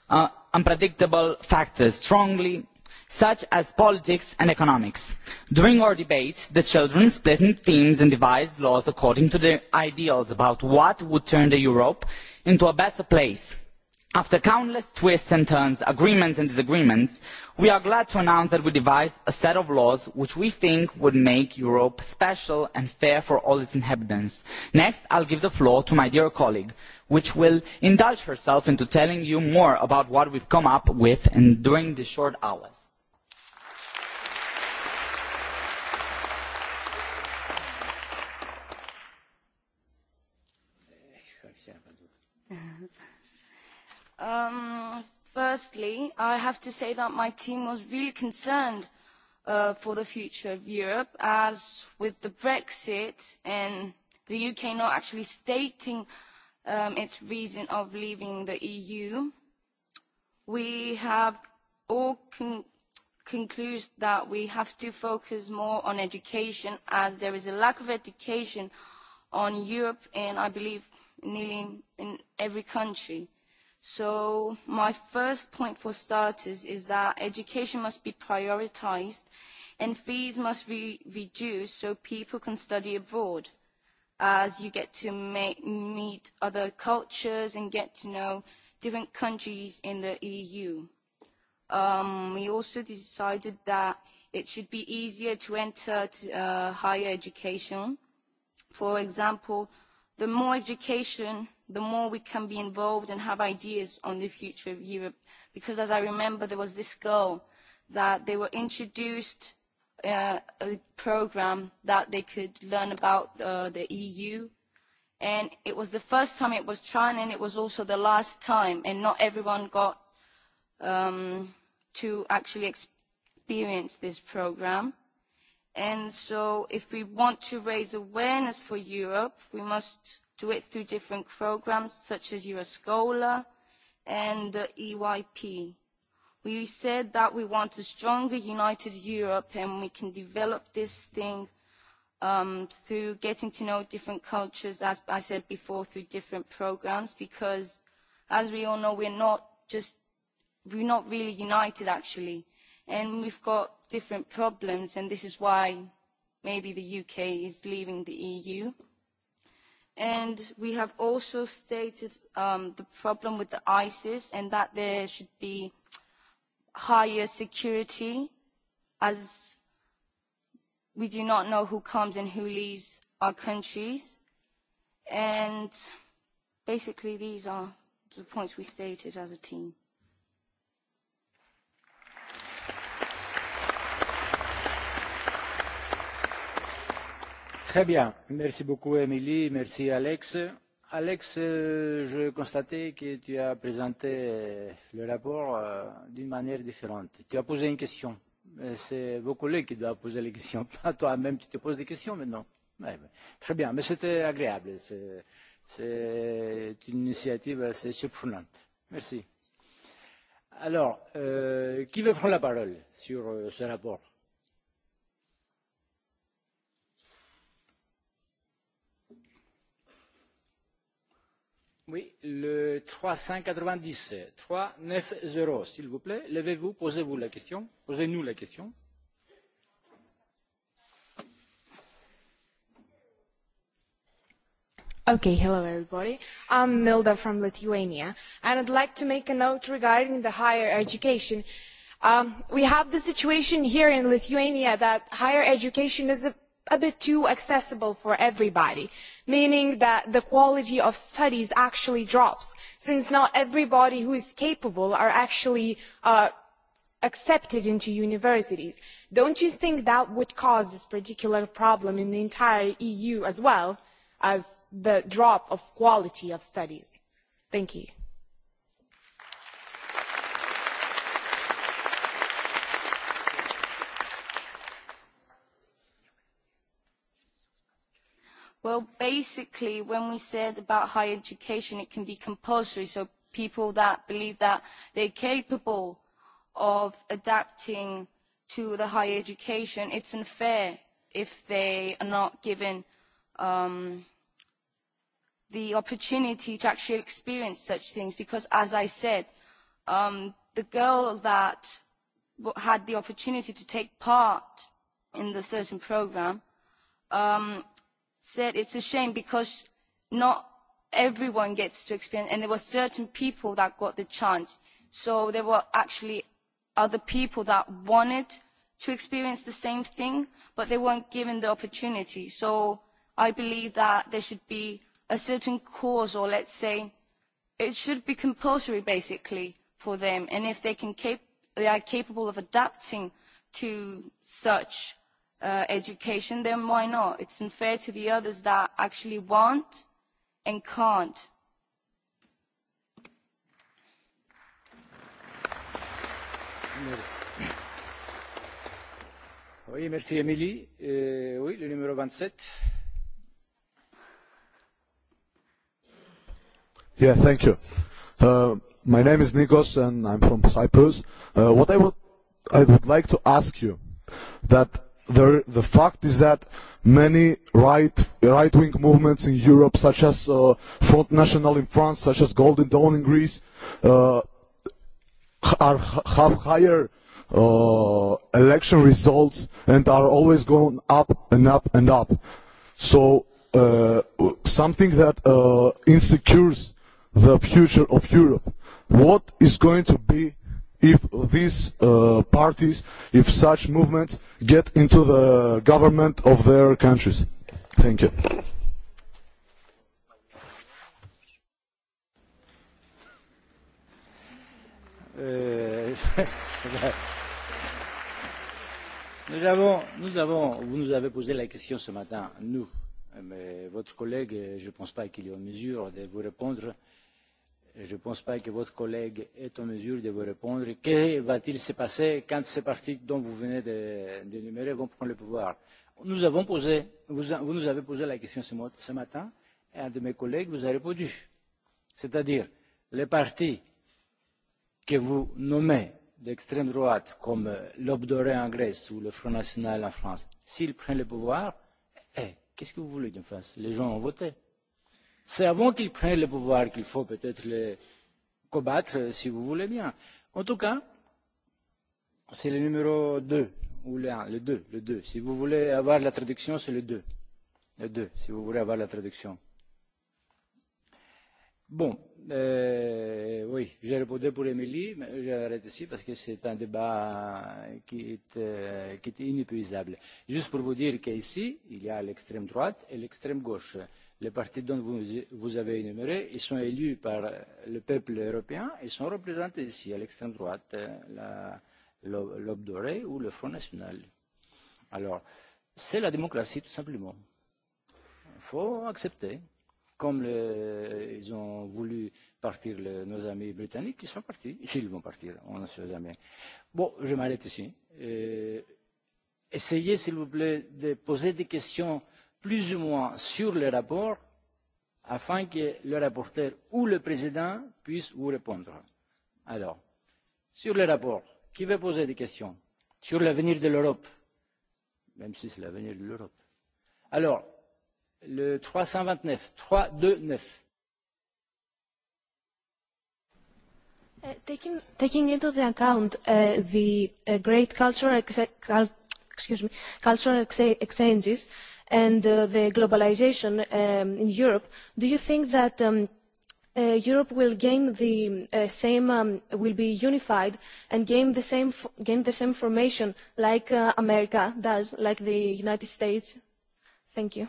uh, unpredictable factors, strongly such as politics and economics. During our debates, the children split into teams and devised laws according to their ideals about what would turn the Europe into a better place. After countless twists and turns, agreements and disagreements, we are glad to announce that we devised a set of laws which we think would make Europe special and fair for all its inhabitants. Next, I will give the floor to my dear colleague, which will indulge herself into telling you more about what we've come up with in, during the short hours. Um, firstly, I have to say that my team was really concerned uh, for the future of Europe, as with the Brexit and the UK not actually stating um, its reason of leaving the EU. We have all con concluded that we have to focus more on education as there is a lack of education on Europe and I believe nearly in every country. So my first point for starters is that education must be prioritised and fees must be reduced so people can study abroad as you get to make, meet other cultures and get to know different countries in the EU. Um, we also decided that it should be easier to enter to, uh, higher education. For example, the more education, the more we can be involved and have ideas on the future of Europe. Because as I remember, there was this girl that they were introduced uh, a program that they could learn about uh, the EU. And it was the first time it was trying and it was also the last time, and not everyone got um, to actually experience this program. And so if we want to raise awareness for Europe, we must do it through different programs such as Euroscola and the EYP We said that we want a stronger, united Europe, and we can develop this thing um, through getting to know different cultures, as I said before, through different programs, because as we all know, we're not just, we're not really united actually. And we've got different problems, and this is why maybe the UK is leaving the EU. And we have also stated um, the problem with the ISIS and that there should be higher security as we do not know who comes and who leaves our countries. And basically, these are the points we stated as a team. Très bien. Merci beaucoup, Émilie. Merci, Alex Alex, euh, je constatais que tu as présenté euh, le rapport euh, d'une manière différente. Tu as posé une question. C'est vos collègues qui doivent poser les questions, pas toi-même. Tu te poses des questions maintenant. Ouais, très bien, mais c'était agréable. C'est une initiative assez surprenante. Merci. Alors, euh, qui veut prendre la parole sur ce rapport Oui, le 390, 390, s'il vous plaît. Levez-vous, posez-vous la question. Posez-nous la question. Okay, hello everybody. I'm Milda from Lithuania, and I'd like to make a note regarding the higher education. Um, we have the situation here in Lithuania that higher education is a a bit too accessible for everybody, meaning that the quality of studies actually drops, since not everybody who is capable are actually uh, accepted into universities. Don't you think that would cause this particular problem in the entire EU as well as the drop of quality of studies? Thank you. Well, basically, when we said about higher education, it can be compulsory. So people that believe that they're capable of adapting to the higher education, it's unfair if they are not given um, the opportunity to actually experience such things. Because as I said, um, the girl that had the opportunity to take part in the certain program, um, said it's a shame because not everyone gets to experience, and there were certain people that got the chance. So there were actually other people that wanted to experience the same thing, but they weren't given the opportunity. So I believe that there should be a certain cause, or let's say, it should be compulsory basically for them. And if they can cap- they are capable of adapting to such uh, education, then why not? It's unfair to the others that actually want and can't. Oui, merci Emily. Euh, oui, le numéro 27. Yeah, thank you. Uh, my name is Nikos and I'm from Cyprus. Uh, what I would, I would like to ask you that the, the fact is that many right right wing movements in Europe, such as uh, Front National in France, such as Golden Dawn in Greece, uh, are have higher uh, election results and are always going up and up and up. So uh, something that uh, insecures the future of Europe. What is going to be if these uh, parties, if such movements get into the government of their countries. Thank you. Euh, nous avons, nous avons, vous nous avez posé la question ce matin, nous, mais votre collègue, je ne pense pas qu'il est en mesure de vous répondre euh, je ne pense pas que votre collègue est en mesure de vous répondre. Que va-t-il se passer quand ces partis dont vous venez d'énumérer vont prendre le pouvoir Nous avons posé, vous, vous nous avez posé la question ce, ce matin et un de mes collègues vous a répondu. C'est-à-dire, les partis que vous nommez d'extrême droite comme euh, l'Obdoré en Grèce ou le Front National en France, s'ils prennent le pouvoir, eh, qu'est-ce que vous voulez qu'ils fassent Les gens ont voté C'est avant qu'ils prennent le pouvoir qu'il faut peut-être les combattre, si vous voulez bien. En tout cas, c'est le numéro 2, ou le 1, le 2, le 2. Si vous voulez avoir la traduction, c'est le 2. Le 2, si vous voulez avoir la traduction. Bon, euh, oui, j'ai répondu pour Émilie, mais j'arrête ici parce que c'est un débat qui est, euh, qui est inépuisable. Juste pour vous dire qu'ici, il y a l'extrême droite et l'extrême gauche les partis dont vous, vous avez énuméré, ils sont élus par le peuple européen et sont représentés ici, à l'extrême droite, euh, l'aube dorée ou le Front National. Alors, c'est la démocratie, tout simplement. Il faut accepter. Comme le, ils ont voulu partir le, nos amis britanniques, ils sont partis. S'ils vont partir, on ne sait jamais. Bon, je m'arrête ici. Euh, essayez, s'il vous plaît, de poser des questions plus ou moins sur le rapport afin que le rapporteur ou le président puisse vous répondre. Alors, sur le rapport, qui veut poser des questions sur l'avenir de l'Europe, même si c'est l'avenir de l'Europe. Alors, le 329, 329. neuf uh, taking, taking into the account uh, the uh, great cultural, exchanges, and uh, the globalization um, in Europe, do you think that um, uh, Europe will gain the uh, same, um, will be unified and gain the same, gain the same formation like uh, America does, like the United States? Thank you.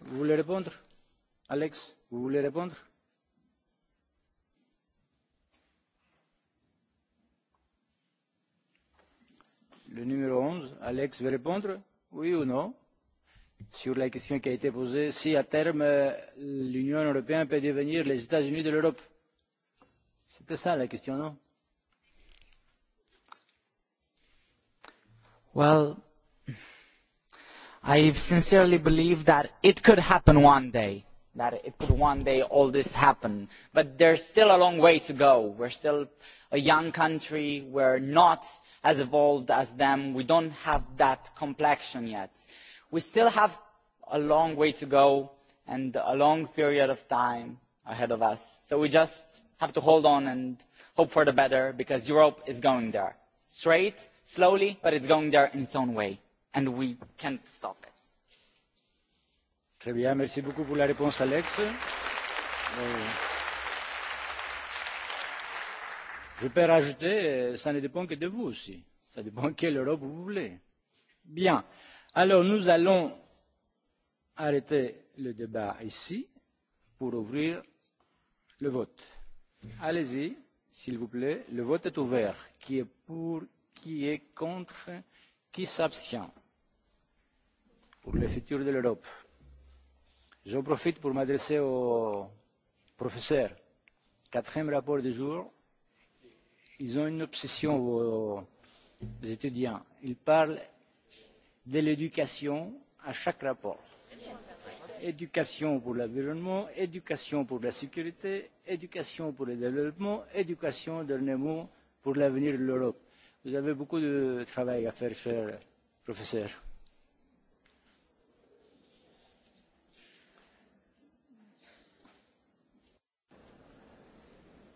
Vous voulez répondre, Alex Vous voulez répondre le numéro 11. Alex veut répondre Oui ou non Sur la question qui a été posée, si à terme l'Union européenne peut devenir les États-Unis de l'Europe. C'était ça la question, non Well, I sincerely believe that it could happen one day that it could one day all this happen. But there's still a long way to go. We're still a young country. We're not as evolved as them. We don't have that complexion yet. We still have a long way to go and a long period of time ahead of us. So we just have to hold on and hope for the better because Europe is going there. Straight, slowly, but it's going there in its own way. And we can't stop it. Très bien, merci beaucoup pour la réponse, Alex. Euh, je peux rajouter, euh, ça ne dépend que de vous aussi. Ça dépend quelle Europe vous voulez. Bien. Alors, nous allons arrêter le débat ici pour ouvrir le vote. Allez-y, s'il vous plaît. Le vote est ouvert. Qui est pour Qui est contre Qui s'abstient Pour le futur de l'Europe. J'en profite pour m'adresser aux professeurs. Quatrième rapport du jour. Ils ont une obsession aux étudiants. Ils parlent de l'éducation à chaque rapport. Éducation pour l'environnement, éducation pour la sécurité, éducation pour le développement, éducation, dernier mot, pour l'avenir de l'Europe. Vous avez beaucoup de travail à faire, chers professeurs.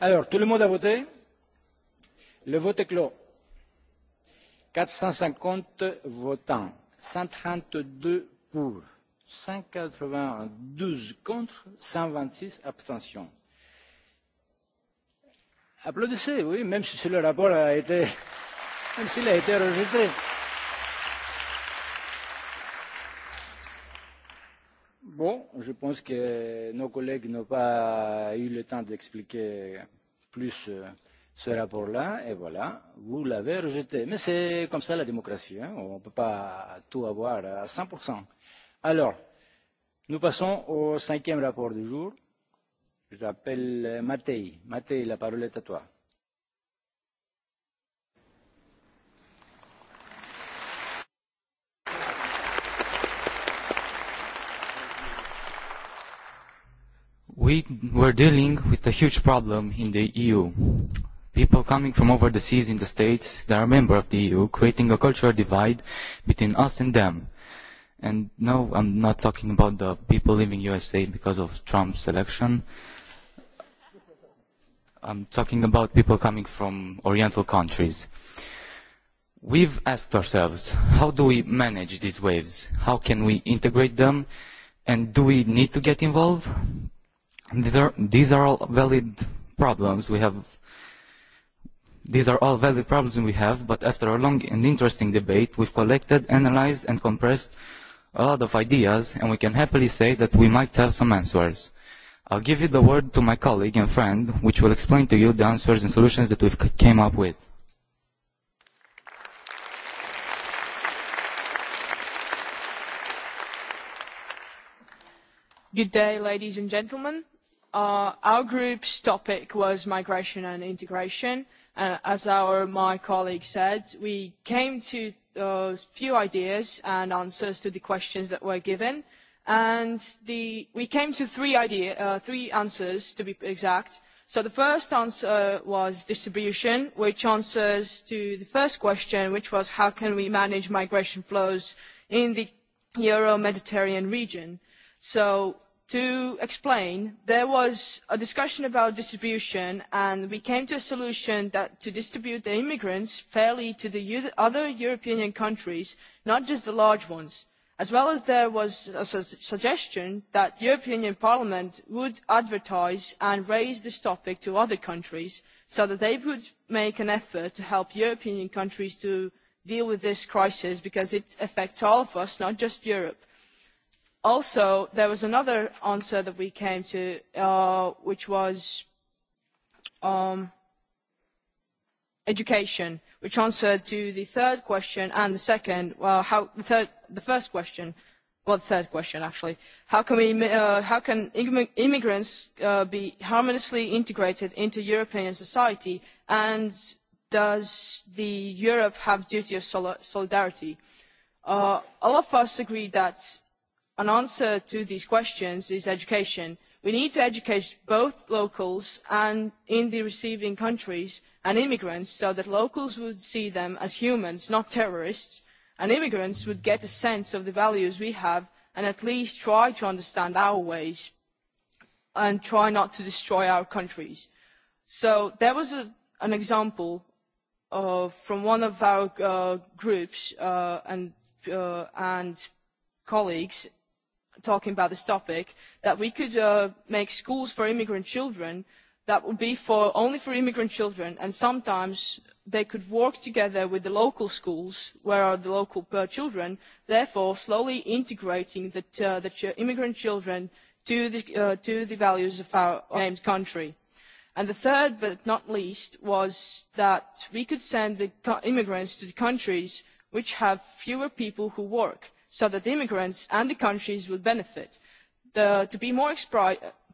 Alors, tout le monde a voté Le vote est clos. 450 votants, 132 pour, 192 contre, 126 abstentions. Applaudissez, oui, même si le rapport a été, même s'il a été rejeté. Bon, je pense que nos collègues n'ont pas eu le temps d'expliquer plus euh, ce rapport-là, et voilà, vous l'avez rejeté. Mais c'est comme ça la démocratie, hein on ne peut pas tout avoir à 100%. Alors, nous passons au cinquième rapport du jour. Je t'appelle Matei. Matei, la parole est à toi. we were dealing with a huge problem in the EU. People coming from over the seas in the States that are a member of the EU, creating a cultural divide between us and them. And no, I'm not talking about the people leaving USA because of Trump's election. I'm talking about people coming from Oriental countries. We've asked ourselves, how do we manage these waves? How can we integrate them? And do we need to get involved? These are, all valid problems we have. These are all valid problems we have, but after a long and interesting debate, we've collected, analyzed, and compressed a lot of ideas, and we can happily say that we might have some answers. I'll give you the word to my colleague and friend, which will explain to you the answers and solutions that we've came up with. Good day, ladies and gentlemen. Uh, our group's topic was migration and integration. Uh, as our, my colleague said, we came to a few ideas and answers to the questions that were given. And we came to three, uh, three answers, to be exact. So the first answer was distribution, which answers to the first question, which was how can we manage migration flows in the Euro-Mediterranean region? So to explain, there was a discussion about distribution, and we came to a solution that to distribute the immigrants fairly to the other European Union countries, not just the large ones. As well as there was a suggestion that European Union Parliament would advertise and raise this topic to other countries so that they would make an effort to help European Union countries to deal with this crisis because it affects all of us, not just Europe also, there was another answer that we came to, uh, which was um, education, which answered to the third question and the second, well, how, the, third, the first question, well, the third question actually, how can, we, uh, how can immigrants uh, be harmoniously integrated into European society and does the Europe have duty of sol solidarity? Uh, all of us agree that an answer to these questions is education. We need to educate both locals and in the receiving countries and immigrants so that locals would see them as humans, not terrorists, and immigrants would get a sense of the values we have and at least try to understand our ways and try not to destroy our countries. So there was a, an example uh, from one of our uh, groups uh, and, uh, and colleagues talking about this topic, that we could uh, make schools for immigrant children that would be for only for immigrant children, and sometimes they could work together with the local schools, where are the local uh, children, therefore slowly integrating the, uh, the ch immigrant children to the, uh, to the values of our named country. And the third, but not least, was that we could send the immigrants to the countries which have fewer people who work so that immigrants and the countries will benefit. The, to be more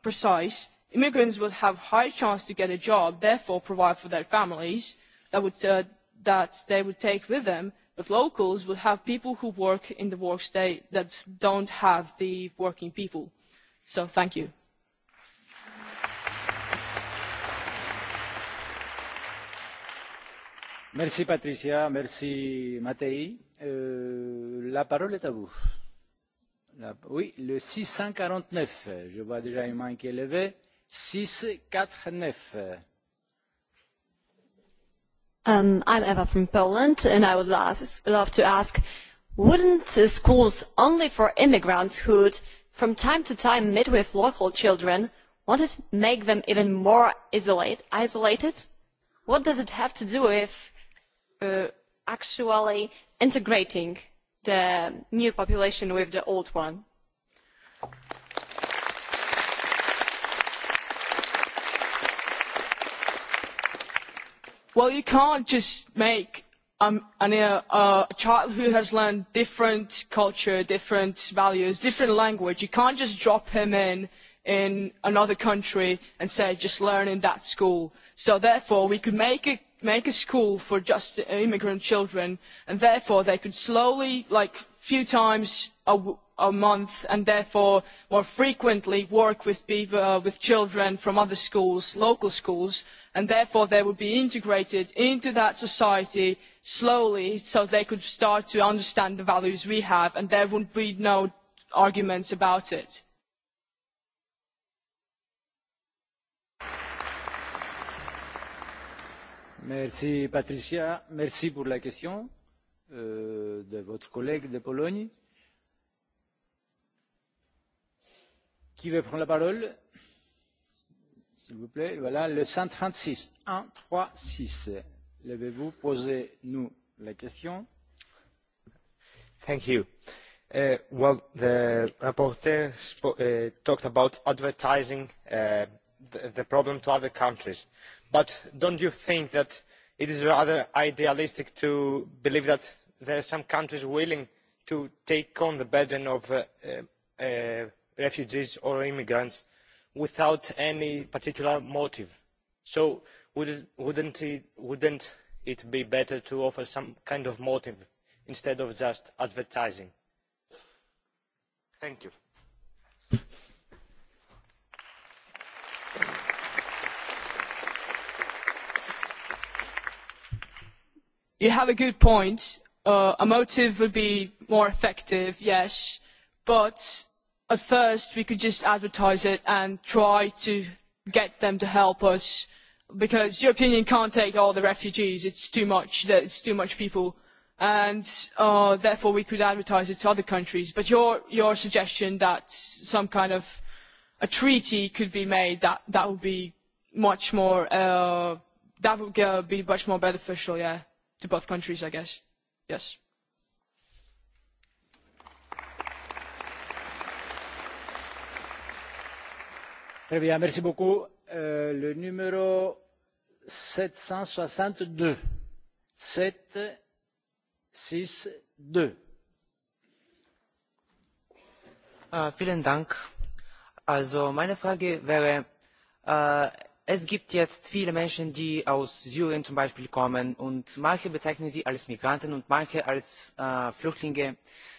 precise, immigrants will have higher chance to get a job, therefore provide for their families that, would, uh, that they would take with them, but locals will have people who work in the work state that don't have the working people. So thank you. Merci Patricia, merci Matei Euh, la parole est à vous. La, oui, le 649. Je vois déjà une main qui est levée. 649. Um, I'm Eva from Poland, and I would ask, love to ask, wouldn't schools only for immigrants who, from time to time, meet with local children, want to make them even more isolate, isolated? What does it have to do with uh, actually integrating the new population with the old one. Well, you can't just make um, an, uh, a child who has learned different culture, different values, different language. You can't just drop him in in another country and say just learn in that school. So therefore, we could make a make a school for just immigrant children and therefore they could slowly like a few times a, a month and therefore more frequently work with people uh, with children from other schools local schools and therefore they would be integrated into that society slowly so they could start to understand the values we have and there would be no arguments about it Merci Patricia, merci pour la question euh, de votre collègue de Pologne. Qui veut prendre la parole S'il vous plaît, voilà le six 1, 3, six. Levez-vous, posez-nous la question. Thank you. Uh, well, the rapporteur uh, talked about advertising uh, the, the problem to other countries but don't you think that it is rather idealistic to believe that there are some countries willing to take on the burden of uh, uh, uh, refugees or immigrants without any particular motive? so would, wouldn't, it, not be better to offer some kind of motive instead of just advertising? you have a good point. Uh, a motive would be more effective, yes, but at first we could just advertise it and try to get them to help us because the European Union can't take all the refugees. It's too much. It's too much people. And uh, therefore we could advertise it to other countries. But your, your suggestion that some kind of a treaty could be made, that, that would be much more, uh, that would uh, be much more beneficial, yeah to both countries, I guess. Yes. Très bien, merci beaucoup. Euh, le numéro 762. 7, 6, 2. Uh, vielen Dank. Also meine Frage wäre, uh, es gibt jetzt viele Menschen, die aus Syrien zum Beispiel kommen und manche bezeichnen sie als Migranten und manche als äh, Flüchtlinge.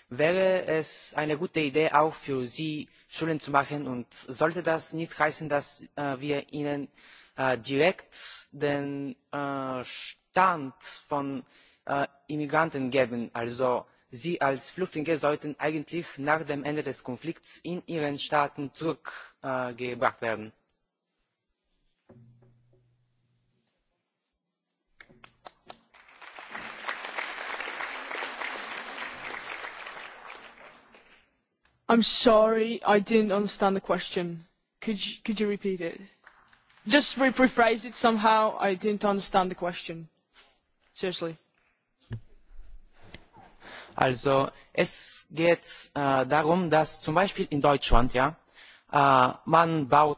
Wäre es eine gute Idee, auch für sie Schulen zu machen und sollte das nicht heißen, dass äh, wir ihnen äh, direkt den äh, Stand von äh, Immigranten geben? Also sie als Flüchtlinge sollten eigentlich nach dem Ende des Konflikts in ihren Staaten zurückgebracht äh, werden. I'm sorry, I didn't understand the question. Could you, could you repeat it? Just re rephrase it somehow. I didn't understand the question. Seriously. Also, es geht äh, darum, dass zum Beispiel in Deutschland, ja, äh, man baut,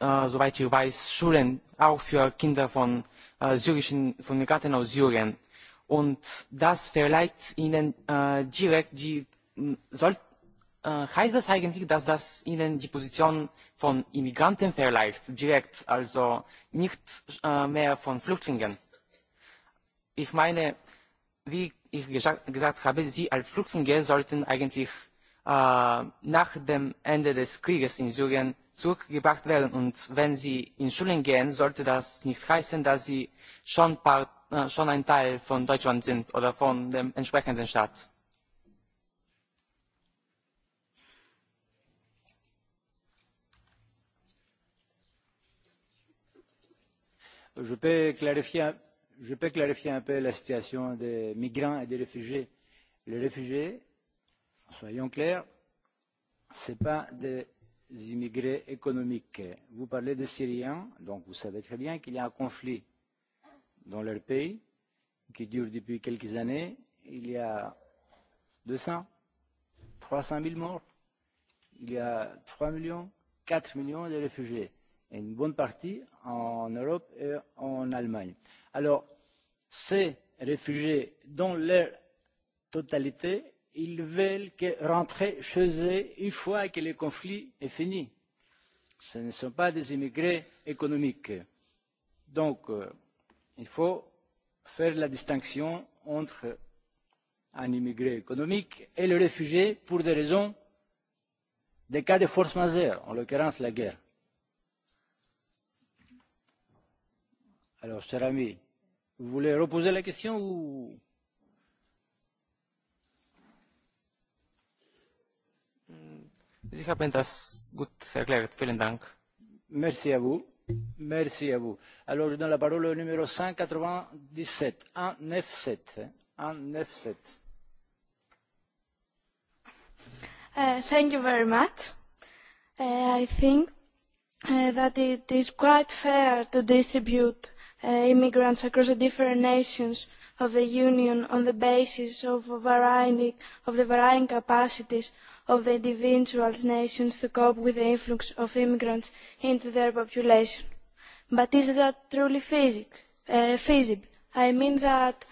äh, soweit ich weiß, Schulen auch für Kinder von äh, syrischen, von Migranten aus Syrien. Und das verleiht ihnen äh, direkt die, soll, heißt das eigentlich, dass das Ihnen die Position von Immigranten verleiht, direkt, also nicht äh, mehr von Flüchtlingen? Ich meine, wie ich gesagt, gesagt habe, Sie als Flüchtlinge sollten eigentlich äh, nach dem Ende des Krieges in Syrien zurückgebracht werden. Und wenn Sie in Schulen gehen, sollte das nicht heißen, dass Sie schon, part, äh, schon ein Teil von Deutschland sind oder von dem entsprechenden Staat. je peux clarifier un peu la situation des migrants et des réfugiés. Les réfugiés, soyons clairs, ce ne sont pas des immigrés économiques. Vous parlez des Syriens, donc vous savez très bien qu'il y a un conflit dans leur pays qui dure depuis quelques années. Il y a 200, 300 000 morts. Il y a 3 millions, 4 millions de réfugiés et une bonne partie en Europe et en Allemagne. Alors, ces réfugiés, dans leur totalité, ils veulent que rentrer chez eux une fois que le conflit est fini. Ce ne sont pas des immigrés économiques. Donc, euh, il faut faire la distinction entre un immigré économique et le réfugié pour des raisons des cas de force majeure, en l'occurrence la guerre Alors, cher ami, vous voulez reposer la question ou mm, Sie haben das gut erklärt. Vielen Dank. Merci à vous. Merci à vous. Alors, je donne la parole au numéro 197. 197. 197. Uh, thank you very much. Uh, I think uh, that it is quite fair to distribute Uh, immigrants across the different nations of the Union on the basis of, of the varying capacities of the individual nations to cope with the influx of immigrants into their population. But is that truly physics, uh, feasible? I mean that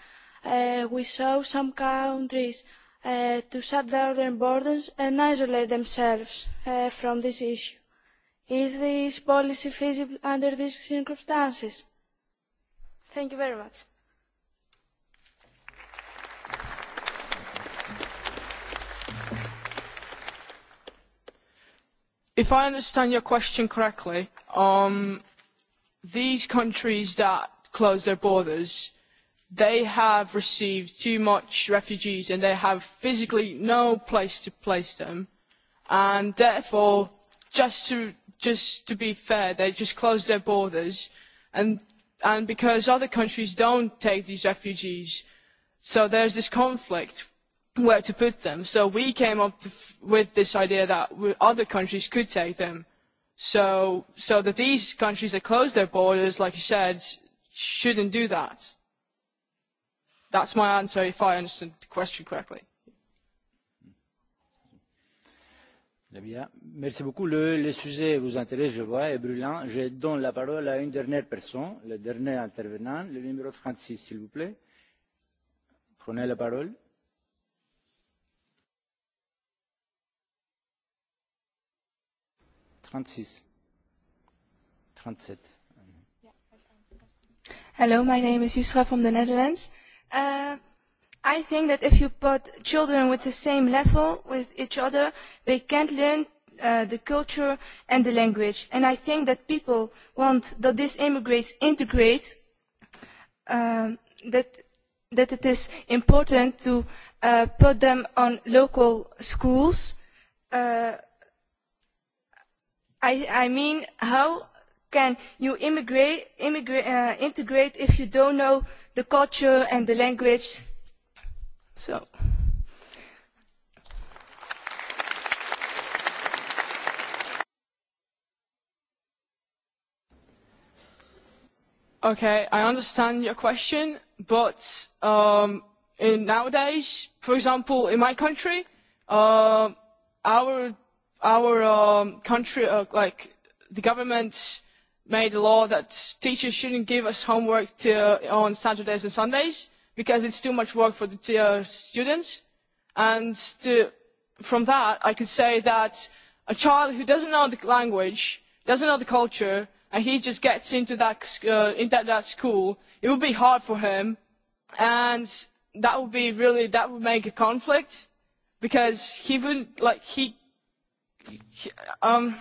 uh, we saw some countries uh, to shut down their borders and isolate themselves uh, from this issue. Is this policy feasible under these circumstances? Thank you very much. If I understand your question correctly, um, these countries that close their borders, they have received too much refugees and they have physically no place to place them. And therefore, just to, just to be fair, they just close their borders and and because other countries don't take these refugees. So there's this conflict where to put them. So we came up to, with this idea that other countries could take them. So, so that these countries that close their borders, like you said, shouldn't do that. That's my answer if I understood the question correctly. Très eh bien. Merci beaucoup. Le, le sujet vous intéresse, je vois, est brûlant. Je donne la parole à une dernière personne, le dernier intervenant, le numéro 36, s'il vous plaît. Prenez la parole. Hello, my name is Yusra from the Netherlands. Uh, i think that if you put children with the same level with each other, they can't learn uh, the culture and the language. And I think that people want that these immigrants integrate, um, that, that it is important to uh, put them on local schools. Uh, I, I mean, how can you immigrate, immigrate, uh, integrate if you don't know the culture and the language so. Okay, I understand your question, but um, in nowadays, for example, in my country, uh, our our um, country, uh, like the government, made a law that teachers shouldn't give us homework to, on Saturdays and Sundays because it's too much work for the uh, students. And to, from that, I could say that a child who doesn't know the language, doesn't know the culture, and he just gets into that, uh, into that school, it would be hard for him. And that would be really, that would make a conflict because he wouldn't, like, he, he um,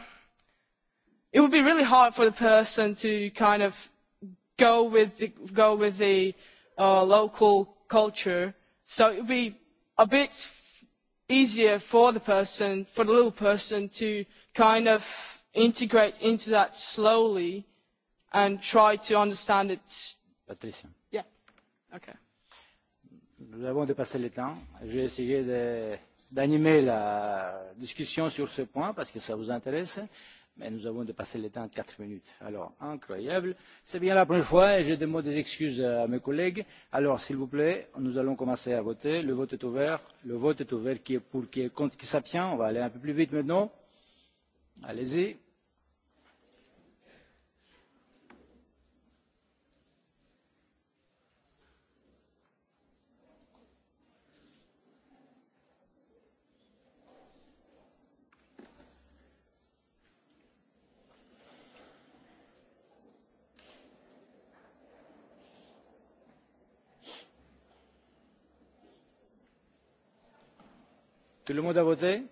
it would be really hard for the person to kind of go with the, go with the, uh, local culture. So it would be a bit easier for the person, for the little person, to kind of integrate into that slowly and try to understand it. Patricia. Yeah. Okay. Nous avons dépassé le temps. J'ai essayé d'animer la discussion sur ce point parce que ça vous intéresse. Euh, mais nous avons dépassé le temps de quatre minutes. Alors, incroyable. C'est bien la première fois et je demande des excuses à mes collègues. Alors, s'il vous plaît, nous allons commencer à voter. Le vote est ouvert. Le vote est ouvert. Qui est pour, qui est contre, qui s'abstient On va aller un peu plus vite maintenant. Allez-y. Tout le monde a voté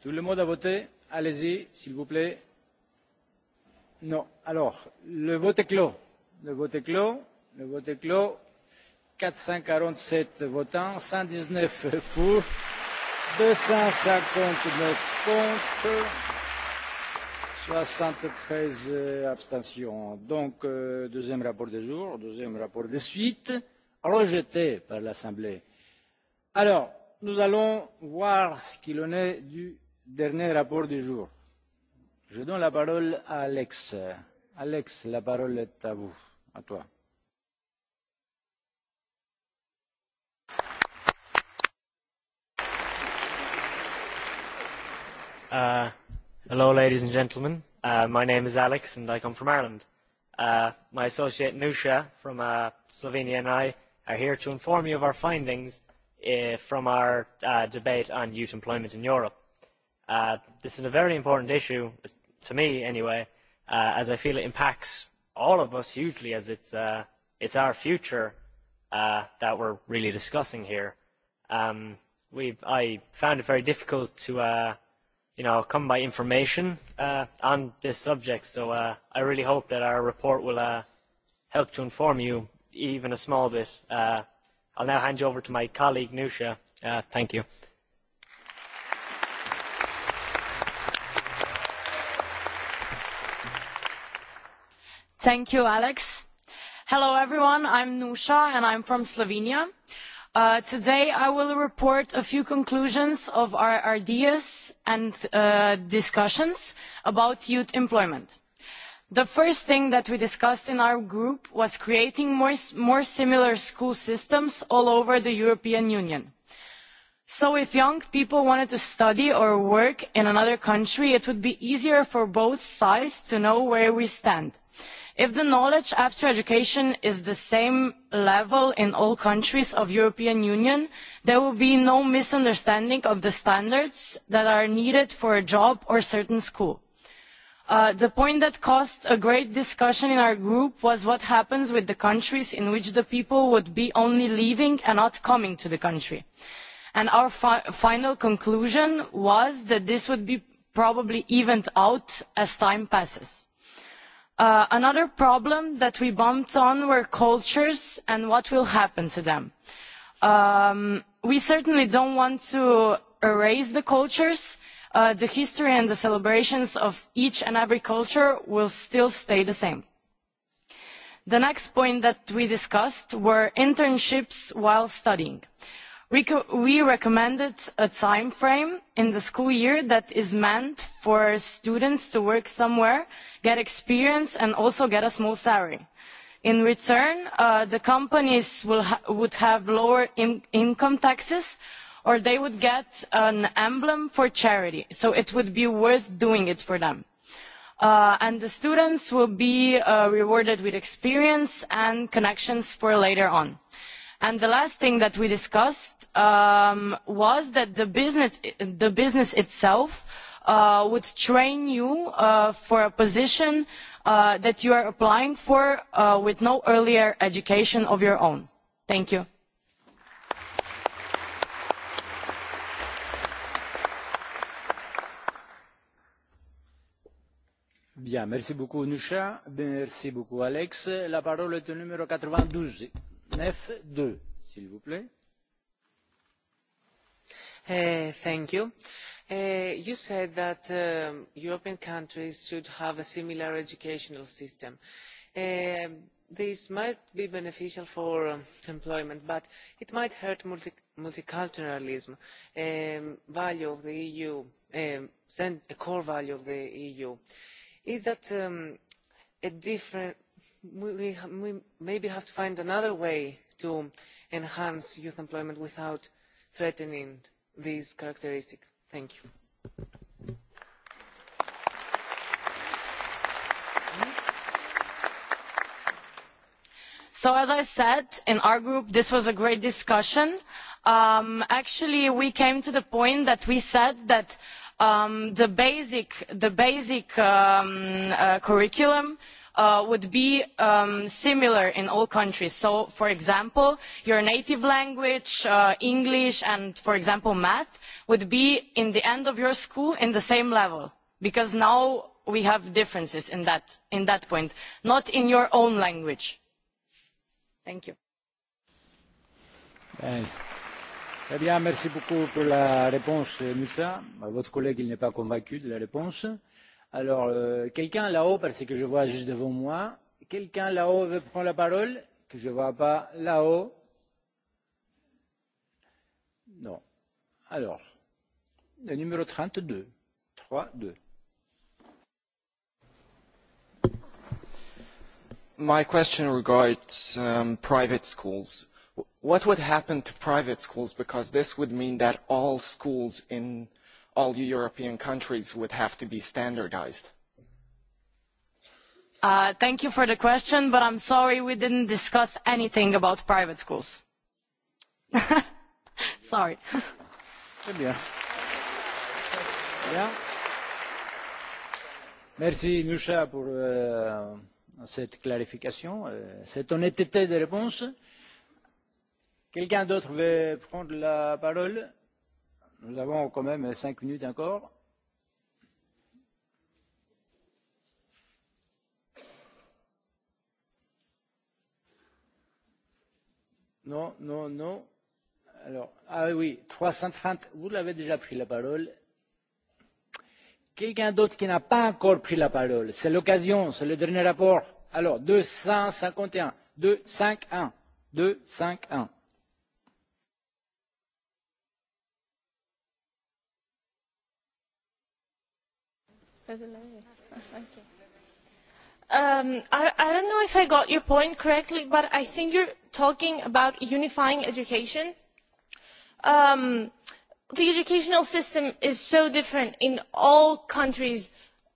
Tout le monde a voté Allez-y, s'il vous plaît. Non. Alors, le vote est clos. Le vote est clos. Le vote est clos. 447 votants, 119 pour, 259 contre, 73 abstentions. Donc, euh, deuxième rapport des jours, deuxième rapport de suite, rejeté par l'Assemblée. Alors, nous allons voir ce qu'il en est du dernier rapport du jour. Je donne la parole à Alex. Alex, la parole est à vous, à toi. Uh, hello, ladies and gentlemen. Uh, my name is Alex, and I come from Ireland. Uh, my associate Nusha from uh, Slovenia and I are here to inform you of our findings uh, from our uh, debate on youth employment in Europe. Uh, this is a very important issue, to me anyway, uh, as I feel it impacts all of us hugely as it's, uh, it's our future uh, that we're really discussing here. Um, we've, I found it very difficult to uh, you know, come by information uh, on this subject, so uh, I really hope that our report will uh, help to inform you even a small bit uh, I'll now hand you over to my colleague, Nusha. Uh, thank you. Thank you, Alex. Hello, everyone. I'm Nusha, and I'm from Slovenia. Uh, today, I will report a few conclusions of our ideas and uh, discussions about youth employment The first thing that we discussed in our group was creating more, more similar school systems all over the European Union. So if young people wanted to study or work in another country, it would be easier for both sides to know where we stand. If the knowledge after education is the same level in all countries of the European Union, there will be no misunderstanding of the standards that are needed for a job or certain school Uh, the point that caused a great discussion in our group was what happens with the countries in which the people would be only leaving and not coming to the country. And our fi final conclusion was that this would be probably evened out as time passes. Uh, another problem that we bumped on were cultures and what will happen to them. Um, we certainly don't want to erase the cultures, uh, the history and the celebrations of each and every culture will still stay the same. The next point that we discussed were internships while studying. we recommended a time frame in the school year that is meant for students to work somewhere, get experience and also get a small salary. In return, uh, the companies will ha would have lower in income taxes, or they would get an emblem for charity. So it would be worth doing it for them. Uh, and the students will be uh, rewarded with experience and connections for later on. And the last thing that we discussed um, was that the business, the business itself uh, would train you uh, for a position uh, that you are applying for uh, with no earlier education of your own. Thank you. you said that uh, european countries should have a similar educational system. Eh, this might be beneficial for um, employment but it might hurt multiculturalism eh, a e eh, core value of the eu is that um, a different we, we maybe have to find another way to enhance youth employment without threatening these characteristics. Thank you. So as I said, in our group, this was a great discussion. Um, actually, we came to the point that we said that um, the basic, the basic um, uh, curriculum uh, would be um, similar in all countries. So, for example, your native language, uh, English, and, for example, math would be in the end of your school in the same level, because now we have differences in that, in that point, not in your own language. Thank you. Thanks. Eh bien, merci beaucoup pour la réponse, euh, Moussa. Euh, votre collègue, il n'est pas convaincu de la réponse. Alors, euh, quelqu'un là-haut, parce que je vois juste devant moi, quelqu'un là-haut veut prendre la parole que je ne vois pas là-haut. Non. Alors, le numéro 32. 3, 2. My question regards um, private schools what would happen to private schools? Because this would mean that all schools in all European countries would have to be standardized? Uh, thank you for the question, but I'm sorry we didn't discuss anything about private schools. sorry. Très bien. bien. Merci, Nusha, pour euh, cette clarification, euh, cette honnêteté de réponse. Quelqu'un d'autre veut prendre la parole Nous avons quand même cinq minutes encore. Non, non, non. Alors, ah oui, 330, vous l'avez déjà pris la parole. Quelqu'un d'autre qui n'a pas encore pris la parole, c'est l'occasion, c'est le dernier rapport. Alors, 251, 251, 251. Um, I, I don't know if I got your point correctly, but I think you're talking about unifying education. Um, the educational system is so different in all countries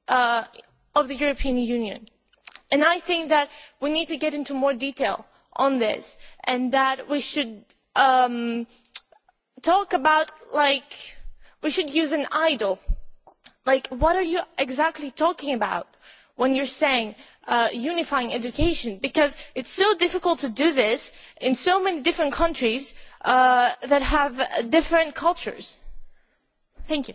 uh, of the European Union. And I think that we need to get into more detail on this and that we should um, talk about, like, we should use an idol Like, what are you exactly talking about when you're saying uh, unifying education? Because it's so difficult to do this in so many different countries uh, that have different cultures. Thank you.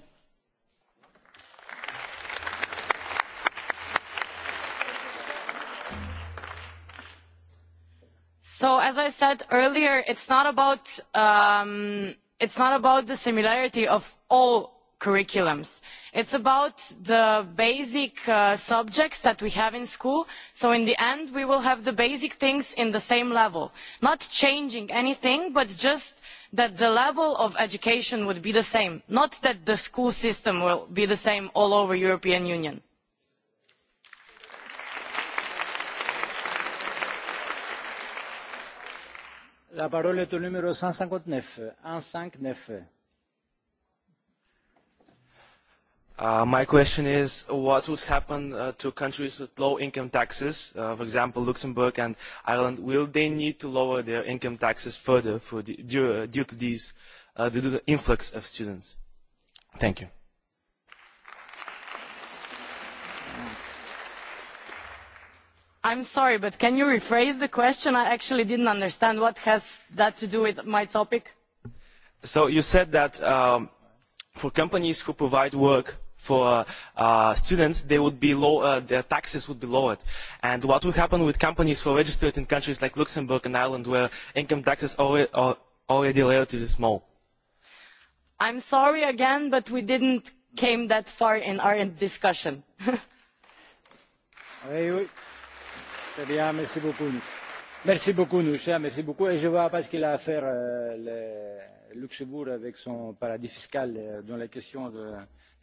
So as I said earlier, it's not about um, it's not about the similarity of all curriculums. It's about the basic uh, subjects that we have in school, so in the end we will have the basic things in the same level. Not changing anything, but just that the level of education would be the same, not that the school system will be the same all over the European Union. La parole est au numéro 159, 159. Uh, my question is, what would happen uh, to countries with low income taxes, uh, for example, Luxembourg and Ireland? Will they need to lower their income taxes further for the, due, uh, due to these, uh, due to the influx of students? Thank you. I'm sorry, but can you rephrase the question? I actually didn't understand. What has that to do with my topic? So you said that um, for companies who provide work for uh, uh, students, they would be low, uh, their taxes would be lowered. And what would happen with companies who are registered in countries like Luxembourg and Ireland, where income taxes are, already relatively small? I'm sorry again, but we didn't came that far in our discussion. Eh Très bien, merci beaucoup. Merci beaucoup, Nusha, merci beaucoup. Et je vois pas ce qu'il a à faire euh, le Luxembourg avec son paradis fiscal euh, dans la question de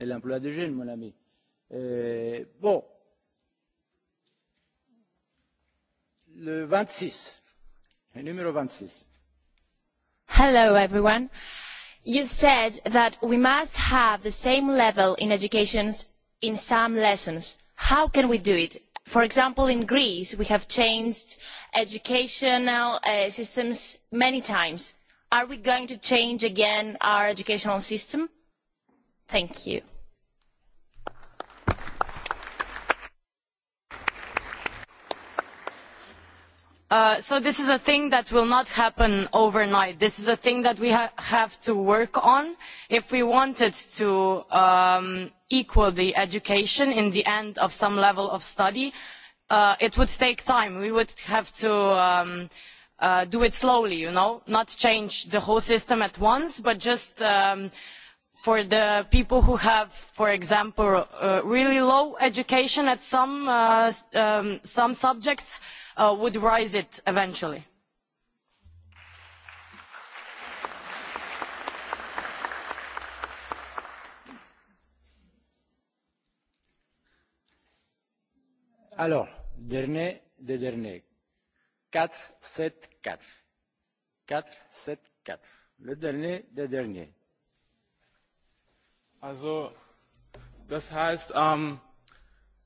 et l'emploi des jeunes, mon ami. Euh, bon. Le 26. Le numéro 26. Hello, everyone. You said that we must have the same level in education in some lessons. How can we do it? For example, in Greece, we have changed educational uh, systems many times. Are we going to change again our educational system? Thank you. Uh, so this is a thing that will not happen overnight. This is a thing that we have to work on if we wanted to um, equal the education in the end of some level of study. Uh, it would take time. We would have to um, uh, do it slowly, you know, not change the whole system at once, but just um, for the people who have, for example, uh, really low education at some, uh, um, some subjects uh, would rise it eventually. Alors, dernier des derniers. 4, 7, 4. 4, 7, 4. Le dernier des derniers. Also das heißt, ähm,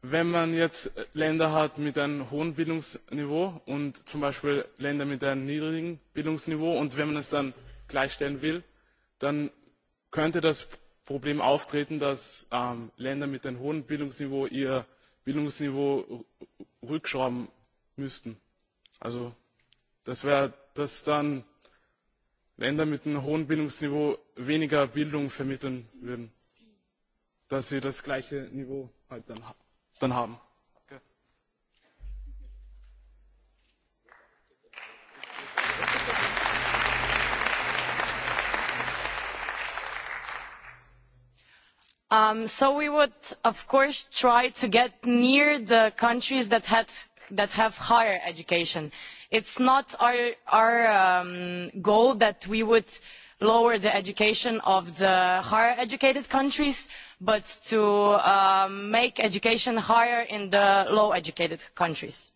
wenn man jetzt Länder hat mit einem hohen Bildungsniveau und zum Beispiel Länder mit einem niedrigen Bildungsniveau und wenn man es dann gleichstellen will, dann könnte das Problem auftreten, dass ähm, Länder mit einem hohen Bildungsniveau ihr Bildungsniveau rückschrauben müssten. Also das wäre, dass dann Länder mit einem hohen Bildungsniveau weniger Bildung vermitteln würden dass wir das gleiche Niveau halt dann, dann haben. Um, so we would, of course, try to get near the countries that had that have higher education. It's not our, our um, goal that we would uh, lower the education of the higher educated countries, but to uh, make education higher in the low educated countries.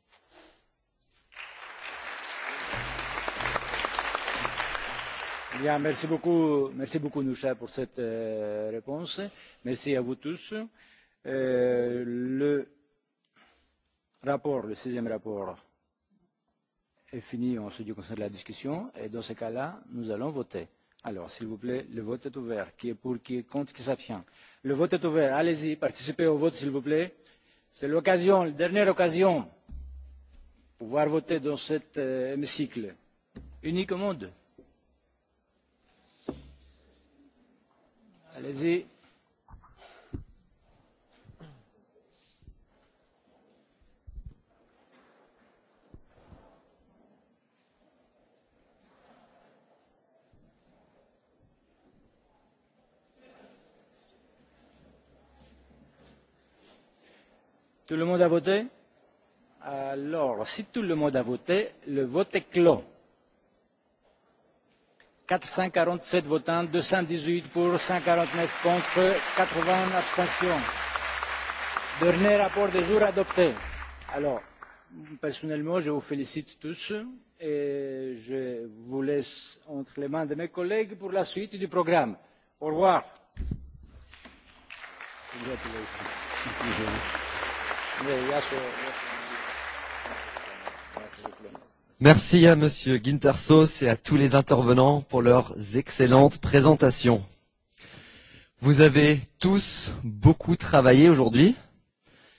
Bien, merci beaucoup, merci beaucoup Nusha pour cette euh, réponse. Merci à vous tous. Euh, le rapport, le sixième rapport est fini en ce qui concerne la discussion et dans ce cas-là, nous allons voter. Alors, s'il vous plaît, le vote est ouvert. Qui est pour, qui est contre, qui s'abstient Le vote est ouvert. Allez-y, participez au vote, s'il vous plaît. C'est l'occasion, la dernière occasion, de pouvoir voter dans cet euh, hémicycle. Unique au monde. Allez-y. Tout le monde a voté Alors, si tout le monde a voté, le vote est clos. 447 votants, 218 pour, 149 contre, 80 abstentions. Dernier rapport du jour adopté. Alors, personnellement, je vous félicite tous et je vous laisse entre les mains de mes collègues pour la suite du programme. Au revoir. Congratulations. Merci à Monsieur Gintersos et à tous les intervenants pour leurs excellentes présentations. Vous avez tous beaucoup travaillé aujourd'hui.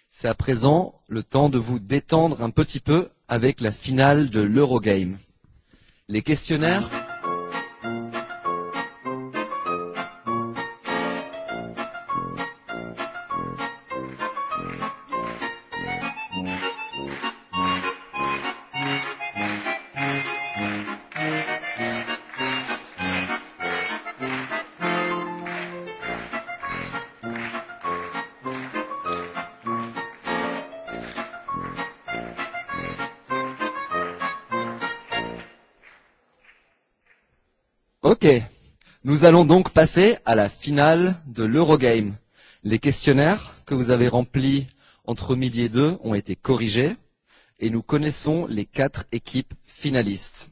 C'est à présent le temps de vous détendre un petit peu avec la finale de l'Eurogame. Les questionnaires Ok, nous allons donc passer à la finale de l'Eurogame. Les questionnaires que vous avez remplis entre midi et deux ont été corrigés et nous connaissons les quatre équipes finalistes.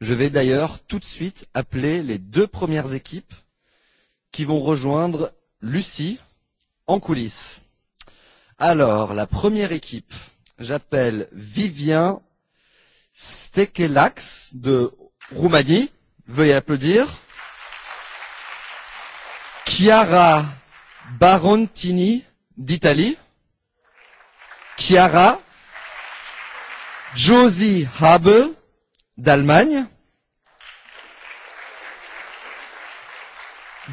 Je vais d'ailleurs tout de suite appeler les deux premières équipes qui vont rejoindre Lucie en coulisses. Alors, la première équipe, j'appelle Vivien Stekelax de Roumanie veuillez applaudir. Chiara Barontini d'Italie. Chiara Josie Habe d'Allemagne.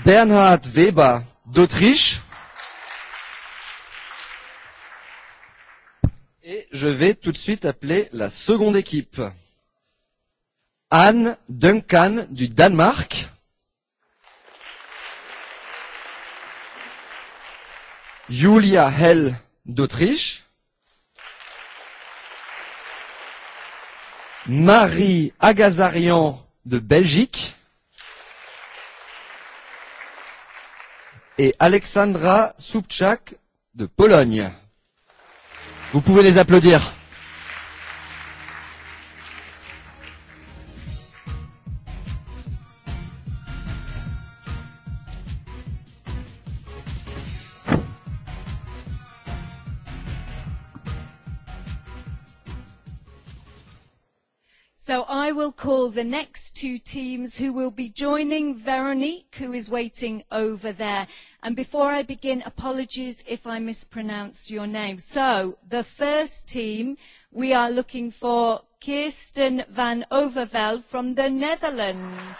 Bernhard Weber d'Autriche. Et je vais tout de suite appeler la seconde équipe. Anne Duncan du Danemark. Julia Hell d'Autriche. Marie Agazarian de Belgique. Et Alexandra Subchak de Pologne. Vous pouvez les applaudir. the next two teams who will be joining Veronique, who is waiting over there. And before I begin, apologies if I mispronounce your name. So, the first team, we are looking for Kirsten van Overveld from the Netherlands.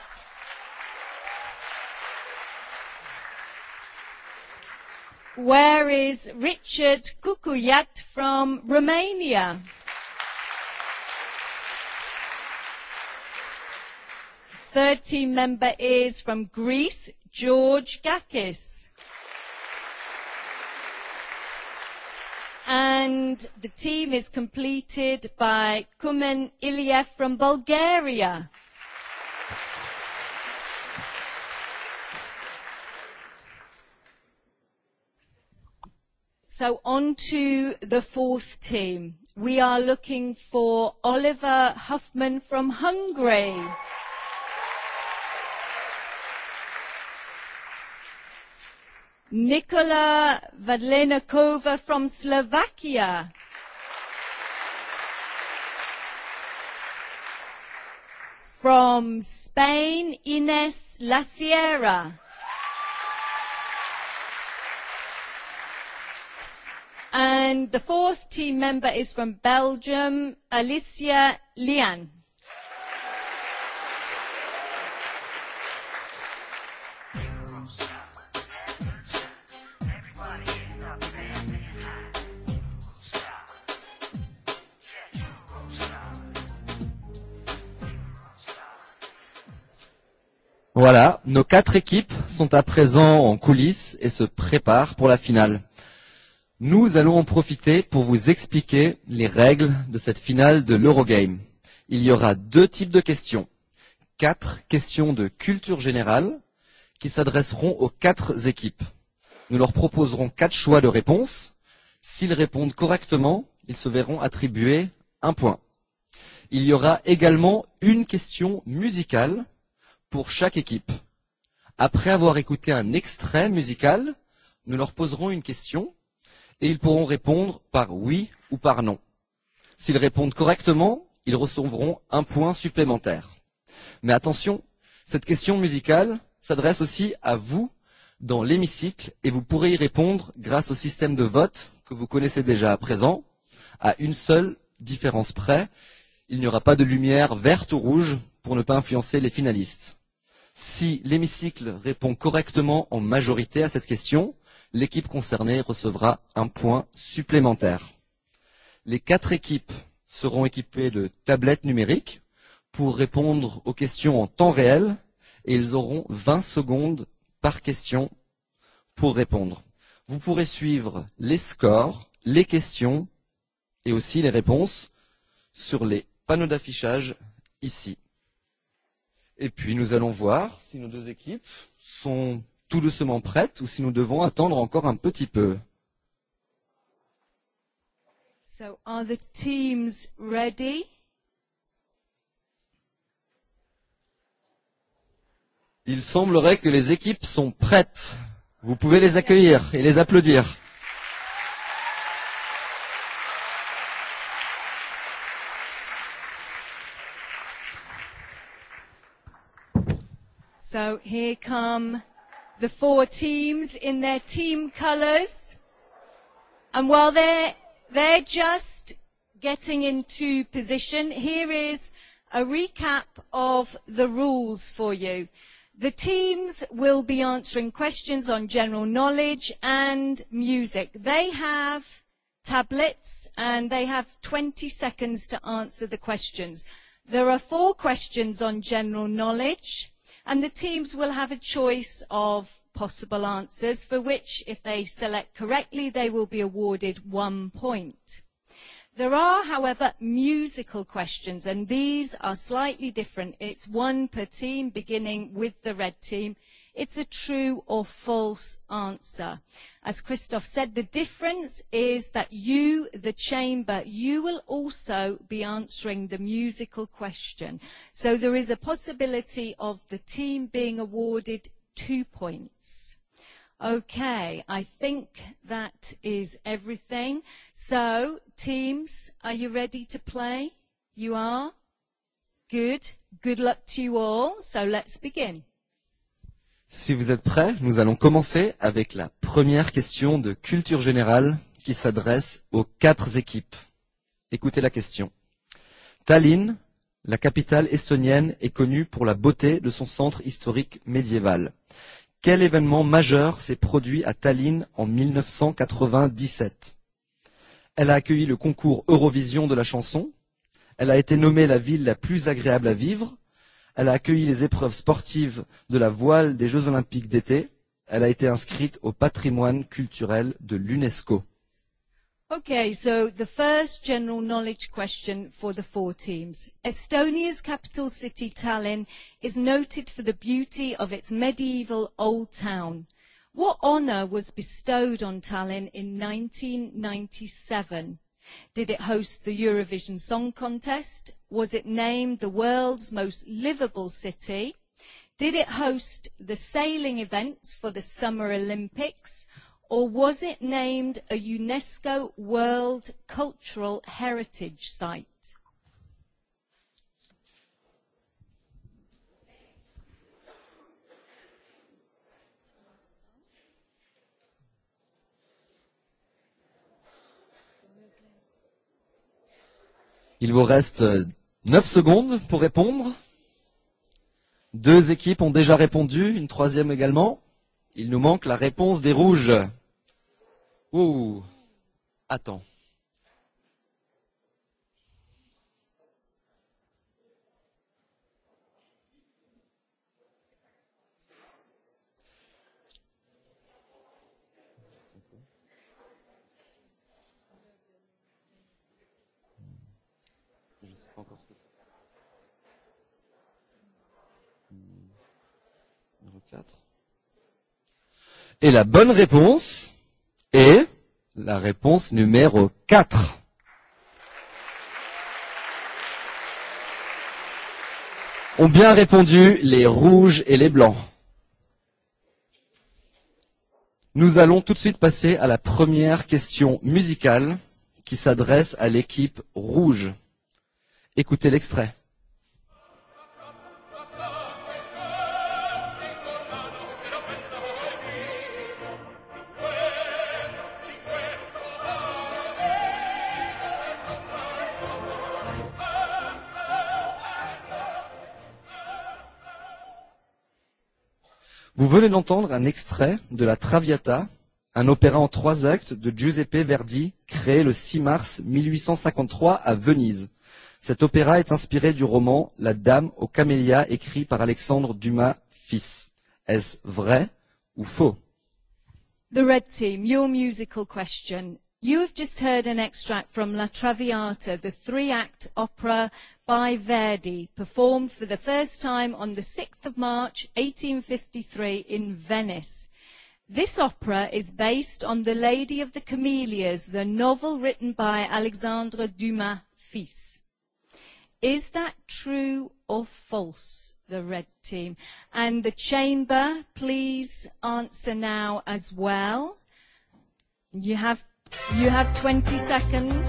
Where is Richard Kukuyat from Romania? Third team member is from Greece, George Gakis. And the team is completed by Kumen Iliev from Bulgaria. So on to the fourth team. We are looking for Oliver Huffman from Hungary. Nikola Vadlenakova from Slovakia. From Spain, Ines La Sierra. And the fourth team member is from Belgium, Alicia Lian. Voilà, nos quatre équipes sont à présent en coulisses et se préparent pour la finale. Nous allons en profiter pour vous expliquer les règles de cette finale de l'Eurogame. Il y aura deux types de questions. Quatre questions de culture générale qui s'adresseront aux quatre équipes. Nous leur proposerons quatre choix de réponses. S'ils répondent correctement, ils se verront attribuer un point. Il y aura également une question musicale pour chaque équipe. Après avoir écouté un extrait musical, nous leur poserons une question et ils pourront répondre par oui ou par non. S'ils répondent correctement, ils recevront un point supplémentaire. Mais attention, cette question musicale s'adresse aussi à vous dans l'hémicycle et vous pourrez y répondre grâce au système de vote que vous connaissez déjà à présent, à une seule différence près. Il n'y aura pas de lumière verte ou rouge pour ne pas influencer les finalistes. Si l'hémicycle répond correctement en majorité à cette question, l'équipe concernée recevra un point supplémentaire. Les quatre équipes seront équipées de tablettes numériques pour répondre aux questions en temps réel et ils auront 20 secondes par question pour répondre. Vous pourrez suivre les scores, les questions et aussi les réponses sur les panneaux d'affichage ici. Et puis nous allons voir si nos deux équipes sont tout doucement prêtes ou si nous devons attendre encore un petit peu. So are the teams ready? Il semblerait que les équipes sont prêtes. Vous pouvez les accueillir et les applaudir. So here come the four teams in their team colours. And while they're, they're just getting into position, here is a recap of the rules for you. The teams will be answering questions on general knowledge and music. They have tablets and they have 20 seconds to answer the questions. There are four questions on general knowledge and the teams will have a choice of possible answers for which, if they select correctly, they will be awarded one point. There are, however, musical questions, and these are slightly different. It's one per team, beginning with the red team. It's a true or false answer. As Christoph said, the difference is that you, the chamber, you will also be answering the musical question. So there is a possibility of the team being awarded two points. Okay, I think that is everything. So, teams, are you ready to play? You are? Good. Good luck to you all. So let's begin. Si vous êtes prêts, nous allons commencer avec la première question de culture générale qui s'adresse aux quatre équipes. Écoutez la question. Tallinn, la capitale estonienne, est connue pour la beauté de son centre historique médiéval. Quel événement majeur s'est produit à Tallinn en 1997 Elle a accueilli le concours Eurovision de la chanson. Elle a été nommée la ville la plus agréable à vivre Elle a accueilli les épreuves sportives de la voile des Jeux Olympiques d'été. Elle a été inscrite au patrimoine culturel de l'UNESCO. Okay, so the first general knowledge question for the four teams. Estonia's capital city, Tallinn, is noted for the beauty of its medieval old town. What honour was bestowed on Tallinn in 1997? Did it host the Eurovision Song Contest? Was it named the world's most livable city? Did it host the sailing events for the Summer Olympics? Or was it named a UNESCO World Cultural Heritage Site? Il vous reste 9 euh, secondes pour répondre. Deux équipes ont déjà répondu, une troisième également. Il nous manque la réponse des rouges. Ouh. Attends. quatre. Et la bonne réponse est la réponse numéro 4. Ont bien répondu les rouges et les blancs. Nous allons tout de suite passer à la première question musicale qui s'adresse à l'équipe rouge. Écoutez l'extrait. Vous venez d'entendre un extrait de La Traviata, un opéra en trois actes de Giuseppe Verdi, créé le 6 mars 1853 à Venise. Cet opéra est inspiré du roman La Dame aux Camélias, écrit par Alexandre Dumas, fils. Est-ce vrai ou faux The Red Team, your musical question You have just heard an extract from La Traviata, the three-act opera by Verdi, performed for the first time on the 6th of March, 1853 in Venice. This opera is based on The Lady of the Camellias, the novel written by Alexandre Dumas Fils. Is that true or false, the red team? And the chamber, please answer now as well. You have You have 20 seconds.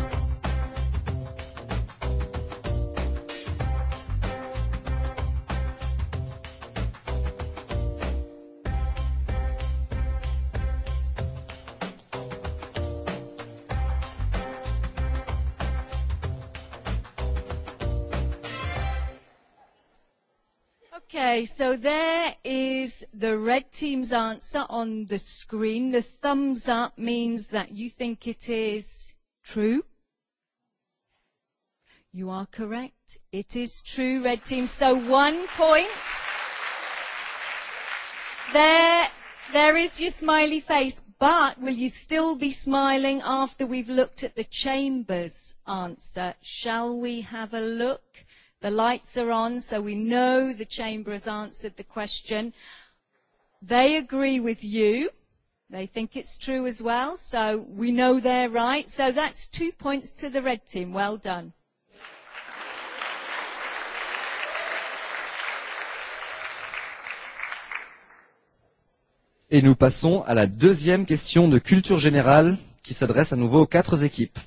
Okay, so there is the red team's answer on the screen. The thumbs up means that you think it is true. You are correct. It is true, red team. So one point. There, there is your smiley face, but will you still be smiling after we've looked at the chamber's answer? Shall we have a look? The lights are on, so we know the chamber has answered the question. They agree with you. They think it's true as well, so we know they're right. So that's two points to the red team. Well done. Et nous passons à la deuxième question de culture générale qui s'adresse à nouveau aux quatre équipes.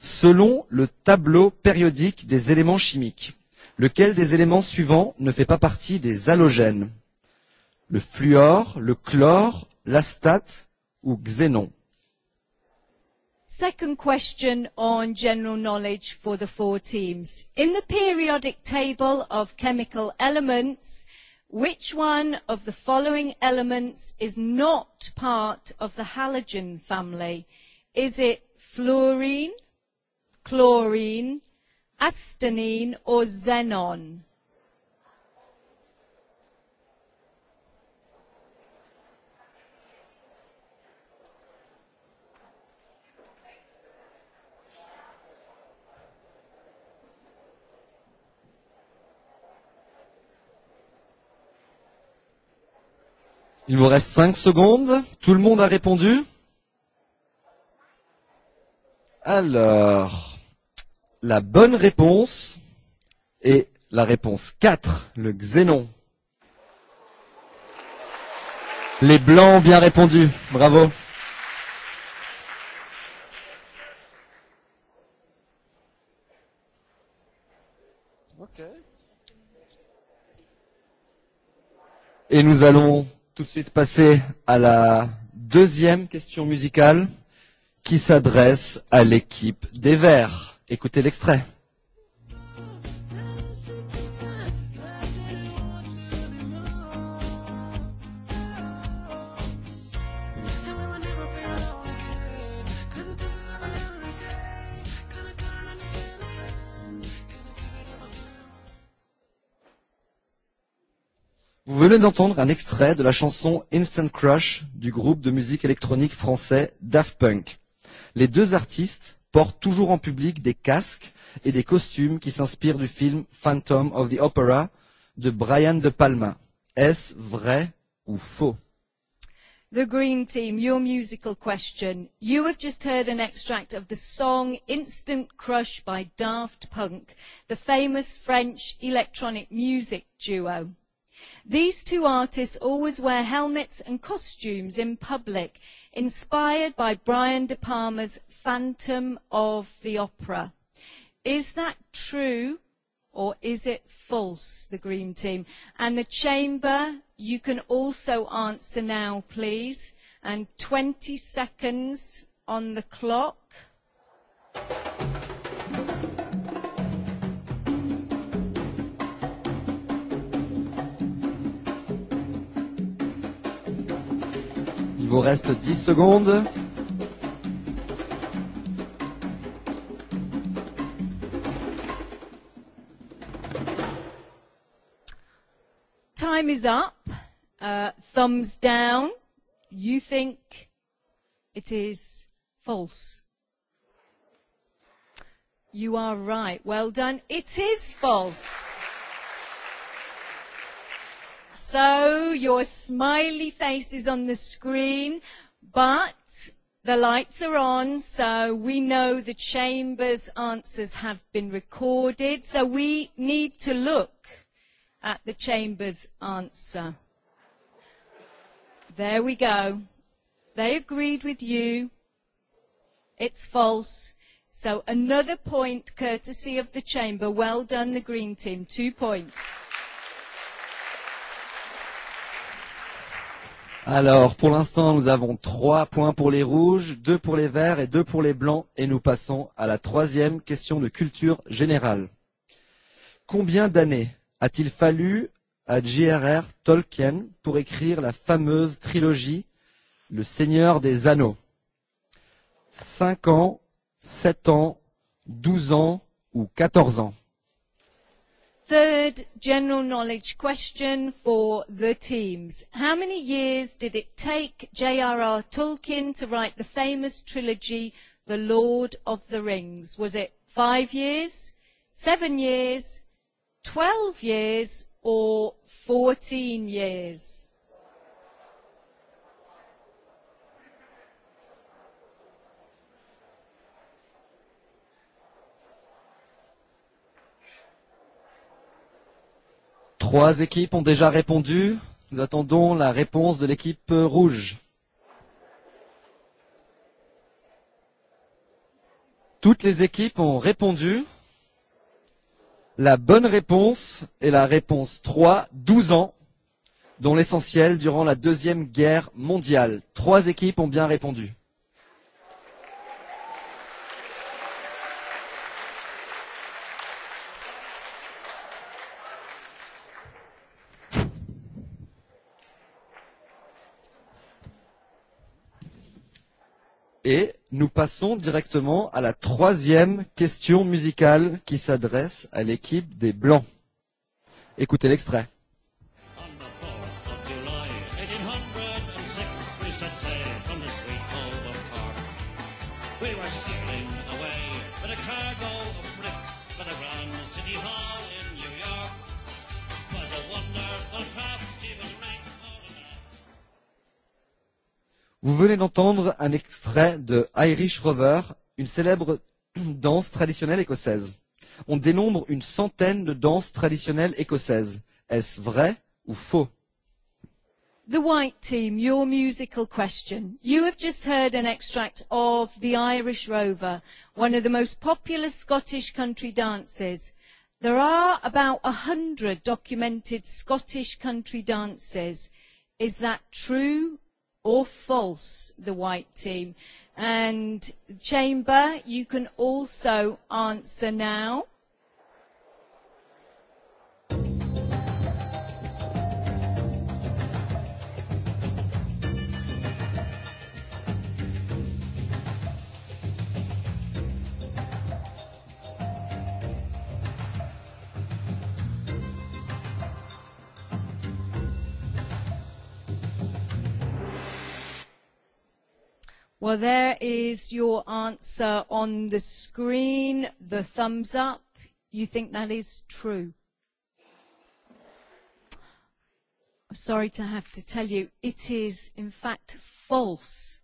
Selon le tableau périodique des éléments chimiques, Lequel des éléments suivants ne fait pas partie des halogènes Le fluor, le chlore, l'astate ou xénon Second question on general knowledge for the four teams. In the periodic table of chemical elements, which one of the following elements is not part of the halogen family? Is it fluorine, chlorine, Astenine or xenon? Il vous reste 5 secondes. Tout le monde a répondu Alors, la bonne réponse est la réponse 4, le xénon. Les blancs ont bien répondu. Bravo. Et nous allons tout de suite passer à la deuxième question musicale qui s'adresse à l'équipe des Verts écouter l'extrait. Vous venez d'entendre un extrait de la chanson Instant Crush du groupe de musique électronique français Daft Punk. Les deux artistes portent toujours en public des casques et des costumes qui s'inspirent du film Phantom of the Opera de Brian De Palma. Est-ce vrai ou faux? The Green Team, your musical question. You have just heard an extract of the song Instant Crush by Daft Punk, the famous French electronic music duo. These two artists always wear helmets and costumes in public inspired by Brian De Palma's Phantom of the Opera. Is that true or is it false, the Green Team? And the Chamber, you can also answer now, please. And 20 seconds on the clock. vous reste 10 secondes. Time is up. Uh, thumbs down. You think it is false. You are right. Well done. It is false. So your smiley face is on the screen, but the lights are on, so we know the chamber's answers have been recorded. So we need to look at the chamber's answer. There we go. They agreed with you. It's false. So another point courtesy of the chamber. Well done, the green team. Two points. Alors, pour l'instant, nous avons trois points pour les rouges, deux pour les verts et deux pour les blancs. Et nous passons à la troisième question de culture générale. Combien d'années a-t-il fallu à J.R.R. Tolkien pour écrire la fameuse trilogie Le Seigneur des Anneaux Cinq ans, sept ans, douze ans ou quatorze ans third general knowledge question for the teams. How many years did it take J.R.R. Tolkien to write the famous trilogy, The Lord of the Rings? Was it five years, seven years, twelve years, or fourteen years? Trois équipes ont déjà répondu. Nous attendons la réponse de l'équipe rouge. Toutes les équipes ont répondu. La bonne réponse est la réponse 3, 12 ans, dont l'essentiel durant la Deuxième Guerre mondiale. Trois équipes ont bien répondu. Et nous passons directement à la troisième question musicale qui s'adresse à l'équipe des Blancs. Écoutez l'extrait. Vous venez d'entendre un extrait de Irish Rover, une célèbre danse traditionnelle écossaise. On dénombre une centaine de danses traditionnelles écossaises. Est-ce vrai ou faux The White Team, your musical question. You have just heard an extract of The Irish Rover, one of the most popular Scottish country dances. There are about a hundred documented Scottish country dances. Is that true or false, the white team. And chamber, you can also answer now. Well, there is your answer on the screen, the thumbs up. You think that is true? I'm sorry to have to tell you, it is in fact false.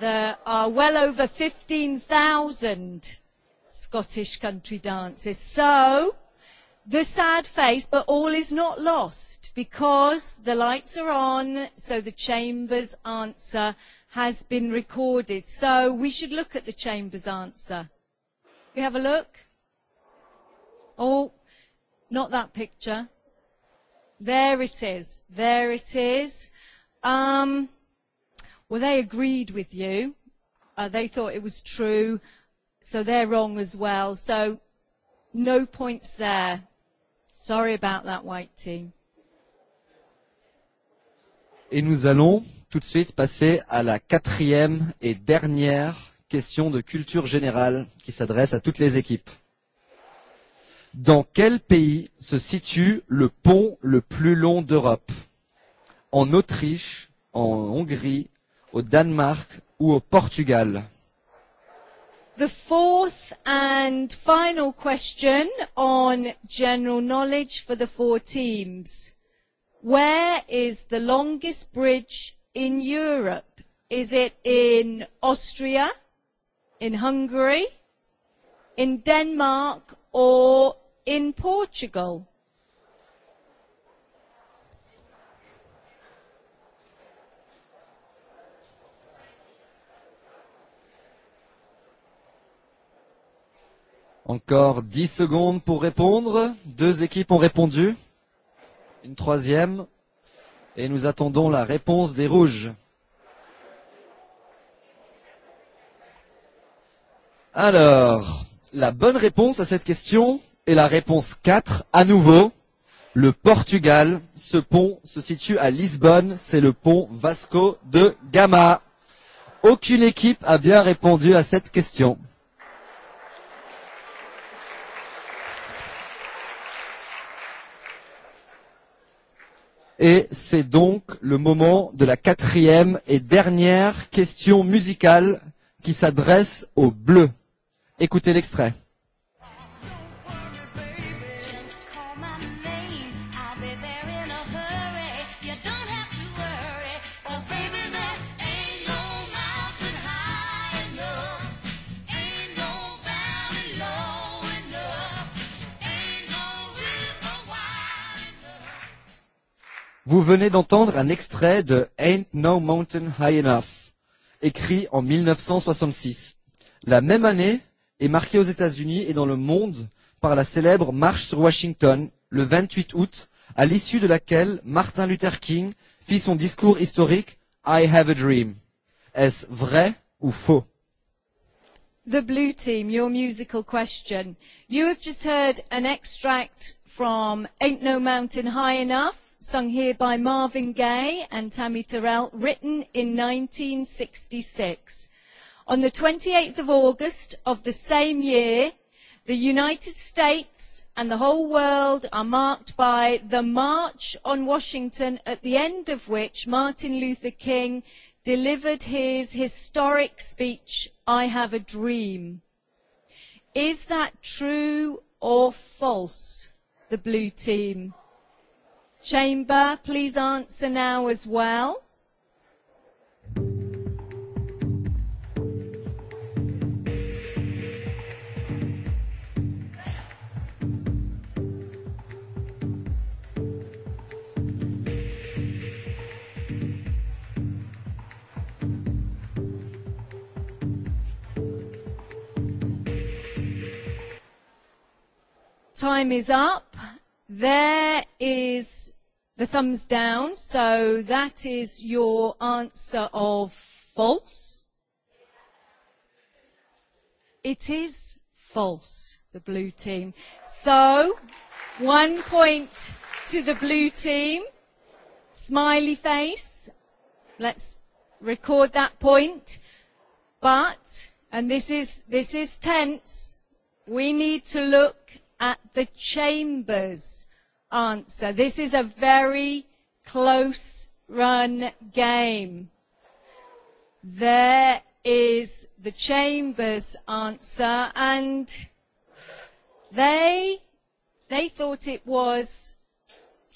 There are well over 15,000 Scottish country dances. So, the sad face, but all is not lost because the lights are on, so the Chamber's answer has been recorded. So we should look at the Chamber's answer. We have a look. Oh, not that picture. There it is. There it is. Um, well, they agreed with you. Uh, they thought it was true. So they're wrong as well. So no points there. Sorry about that, white team. Et nous allons tout de suite passer à la quatrième et dernière question de culture générale qui s'adresse à toutes les équipes. Dans quel pays se situe le pont le plus long d'Europe En Autriche, en Hongrie, au Danemark ou au Portugal The fourth and final question on general knowledge for the four teams. Where is the longest bridge in Europe? Is it in Austria, in Hungary, in Denmark, or in Portugal? Encore 10 secondes pour répondre. Deux équipes ont répondu une troisième, et nous attendons la réponse des rouges. Alors, la bonne réponse à cette question est la réponse 4, à nouveau, le Portugal. Ce pont se situe à Lisbonne, c'est le pont Vasco de Gama. Aucune équipe a bien répondu à cette question. Et c'est donc le moment de la quatrième et dernière question musicale qui s'adresse aux Bleus. Écoutez l'extrait. Vous venez d'entendre un extrait de Ain't No Mountain High Enough, écrit en 1966. La même année est marquée aux États-Unis et dans le monde par la célèbre Marche sur Washington, le 28 août, à l'issue de laquelle Martin Luther King fit son discours historique I Have a Dream. Est-ce vrai ou faux? The Blue Team, your musical question. You have just heard an extract from Ain't No Mountain High Enough sung here by Marvin Gaye and Tammy Terrell, written in 1966. On the 28th of August of the same year, the United States and the whole world are marked by the March on Washington, at the end of which Martin Luther King delivered his historic speech, I Have a Dream. Is that true or false, the blue team? chamber. Please answer now as well. Time is up There is the thumbs down, so that is your answer of false. It is false, the blue team. So, one point to the blue team. Smiley face. Let's record that point. But, and this is, this is tense, we need to look at the Chamber's answer. This is a very close run game. There is the Chamber's answer and they, they thought it was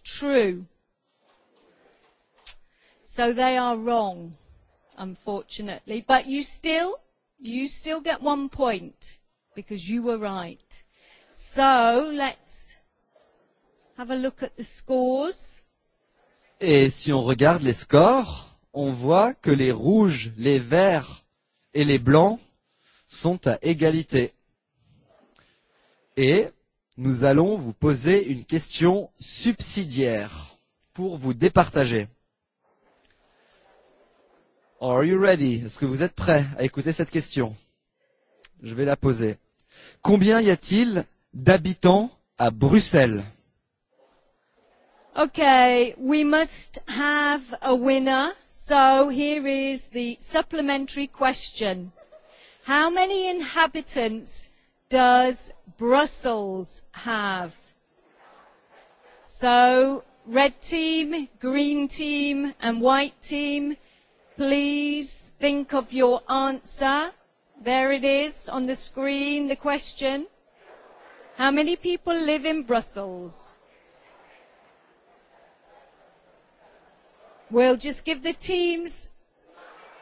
true. So they are wrong, unfortunately. But you still, you still get one point because you were right. So let's have a look at the scores. Et si on regarde les scores, on voit que les rouges, les verts et les blancs sont à égalité. Et nous allons vous poser une question subsidiaire pour vous départager. Are you ready? Est-ce que vous êtes prêt à écouter cette question? Je vais la poser. Combien y a-t-il d'habitants à Bruxelles. Okay, we must have a winner. So here is the supplementary question. How many inhabitants does Brussels have? So red team, green team and white team, please think of your answer. There it is on the screen, the question. How many people live in Brussels? We'll just give the teams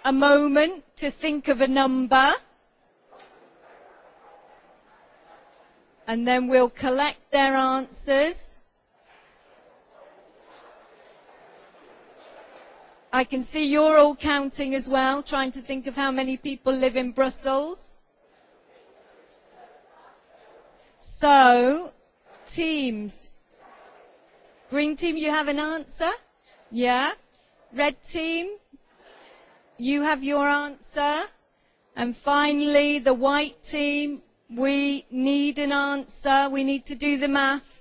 a moment to think of a number. And then we'll collect their answers. I can see you're all counting as well, trying to think of how many people live in Brussels. So, teams. Green team, you have an answer? Yeah? Red team, you have your answer? And finally, the white team, we need an answer. We need to do the math.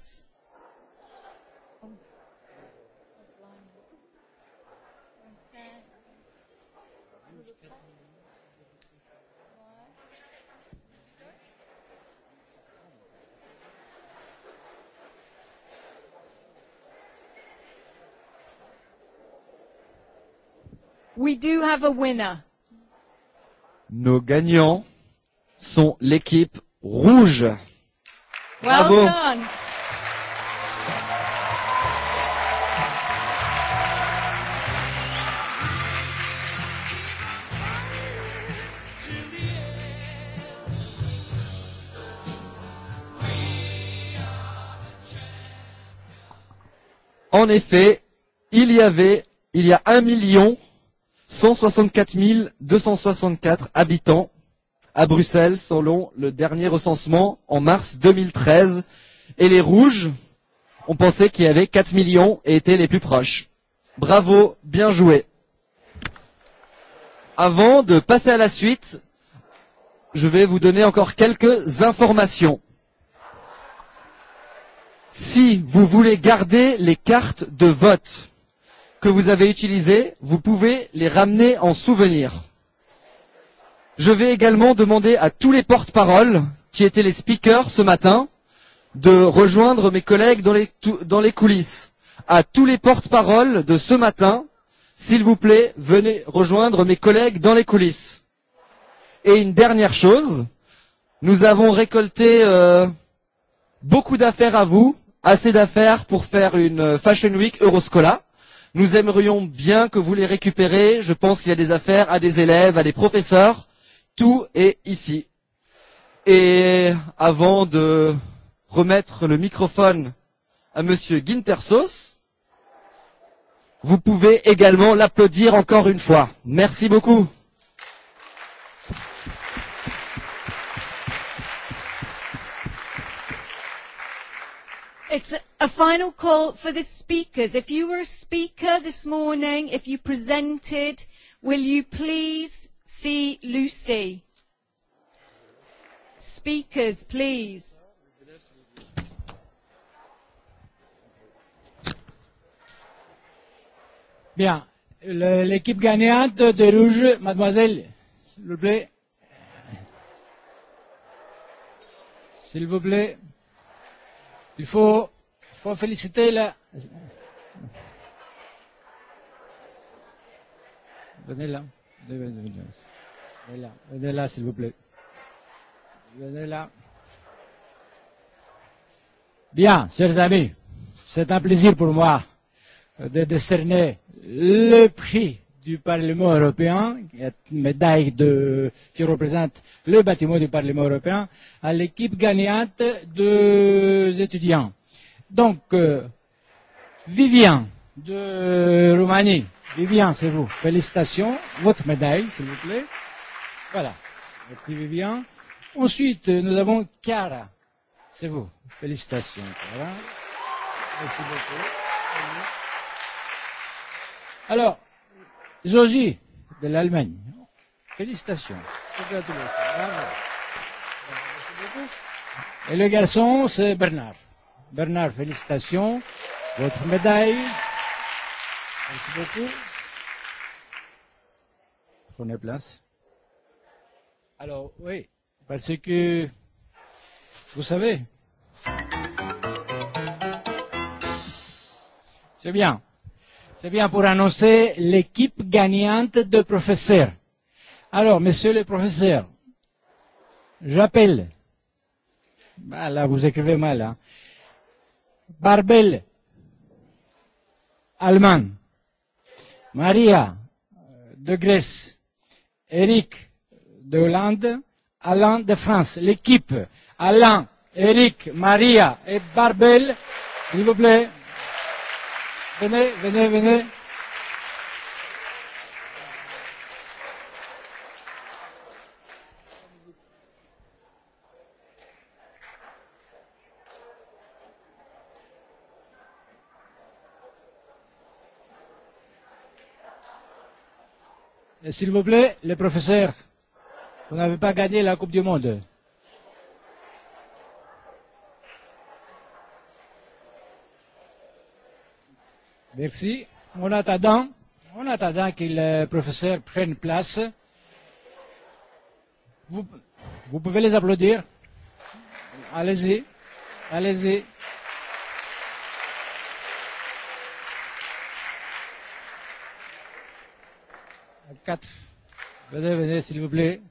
We do have a winner. Nos gagnants sont l'équipe rouge. Bravo. Well done. En effet, il y avait, il y a un million 164 264 habitants à Bruxelles selon le dernier recensement en mars 2013. Et les Rouges, on pensait qu'il y avait 4 millions et étaient les plus proches. Bravo, bien joué. Avant de passer à la suite, je vais vous donner encore quelques informations. Si vous voulez garder les cartes de vote, que vous avez utilisés, vous pouvez les ramener en souvenir. Je vais également demander à tous les porte-paroles qui étaient les speakers ce matin de rejoindre mes collègues dans les, dans les coulisses. À tous les porte-paroles de ce matin, s'il vous plaît, venez rejoindre mes collègues dans les coulisses. Et une dernière chose, nous avons récolté euh, beaucoup d'affaires à vous, assez d'affaires pour faire une euh, Fashion Week Euroscola. Nous aimerions bien que vous les récupérez. Je pense qu'il y a des affaires à des élèves, à des professeurs. Tout est ici. Et avant de remettre le microphone à Monsieur Gintersos, vous pouvez également l'applaudir encore une fois. Merci beaucoup. It's a final call for the speakers. If you were a speaker this morning, if you presented, will you please see Lucy? Speakers, please. Bien. L'équipe gagnante de rouge, mademoiselle, s'il vous plaît. S'il vous plaît. Il faut, il faut féliciter la. Venez là. Venez là. Venez là, s'il vous plaît. Venez là. Bien, chers amis, c'est un plaisir pour moi de décerner le prix du Parlement européen, médaille de, qui représente le bâtiment du Parlement européen, à l'équipe gagnante des étudiants. Donc, euh, Vivian de Roumanie. Vivian, c'est vous. Félicitations. Votre médaille, s'il vous plaît. Voilà. Merci, Vivian. Ensuite, nous avons Chiara. C'est vous. Félicitations, Chiara. Merci beaucoup. Alors, Zoji de l'Allemagne. Félicitations. Congratulations. Et le garçon, c'est Bernard. Bernard, félicitations. Votre médaille. Merci beaucoup. Prenez place. Alors, oui, parce que, vous savez, c'est bien. C'est bien pour annoncer l'équipe gagnante de professeurs. Alors, monsieur le professeur, j'appelle. Ah là, vous écrivez mal. Hein. Barbel, Allemagne. Maria, de Grèce. Eric, de Hollande. Alain, de France. L'équipe, Alain, Eric, Maria et Barbel, s'il vous plaît. Venez, venez, venez. Eh, s'il vous plaît, les professeurs, vous n'avez pas gagné la Coupe du Monde. Merci. En attendant, en attendant que le professeur prenne place, vous, vous pouvez les applaudir. Allez-y. Allez-y. Quatre. Venez, venez, s'il vous plaît.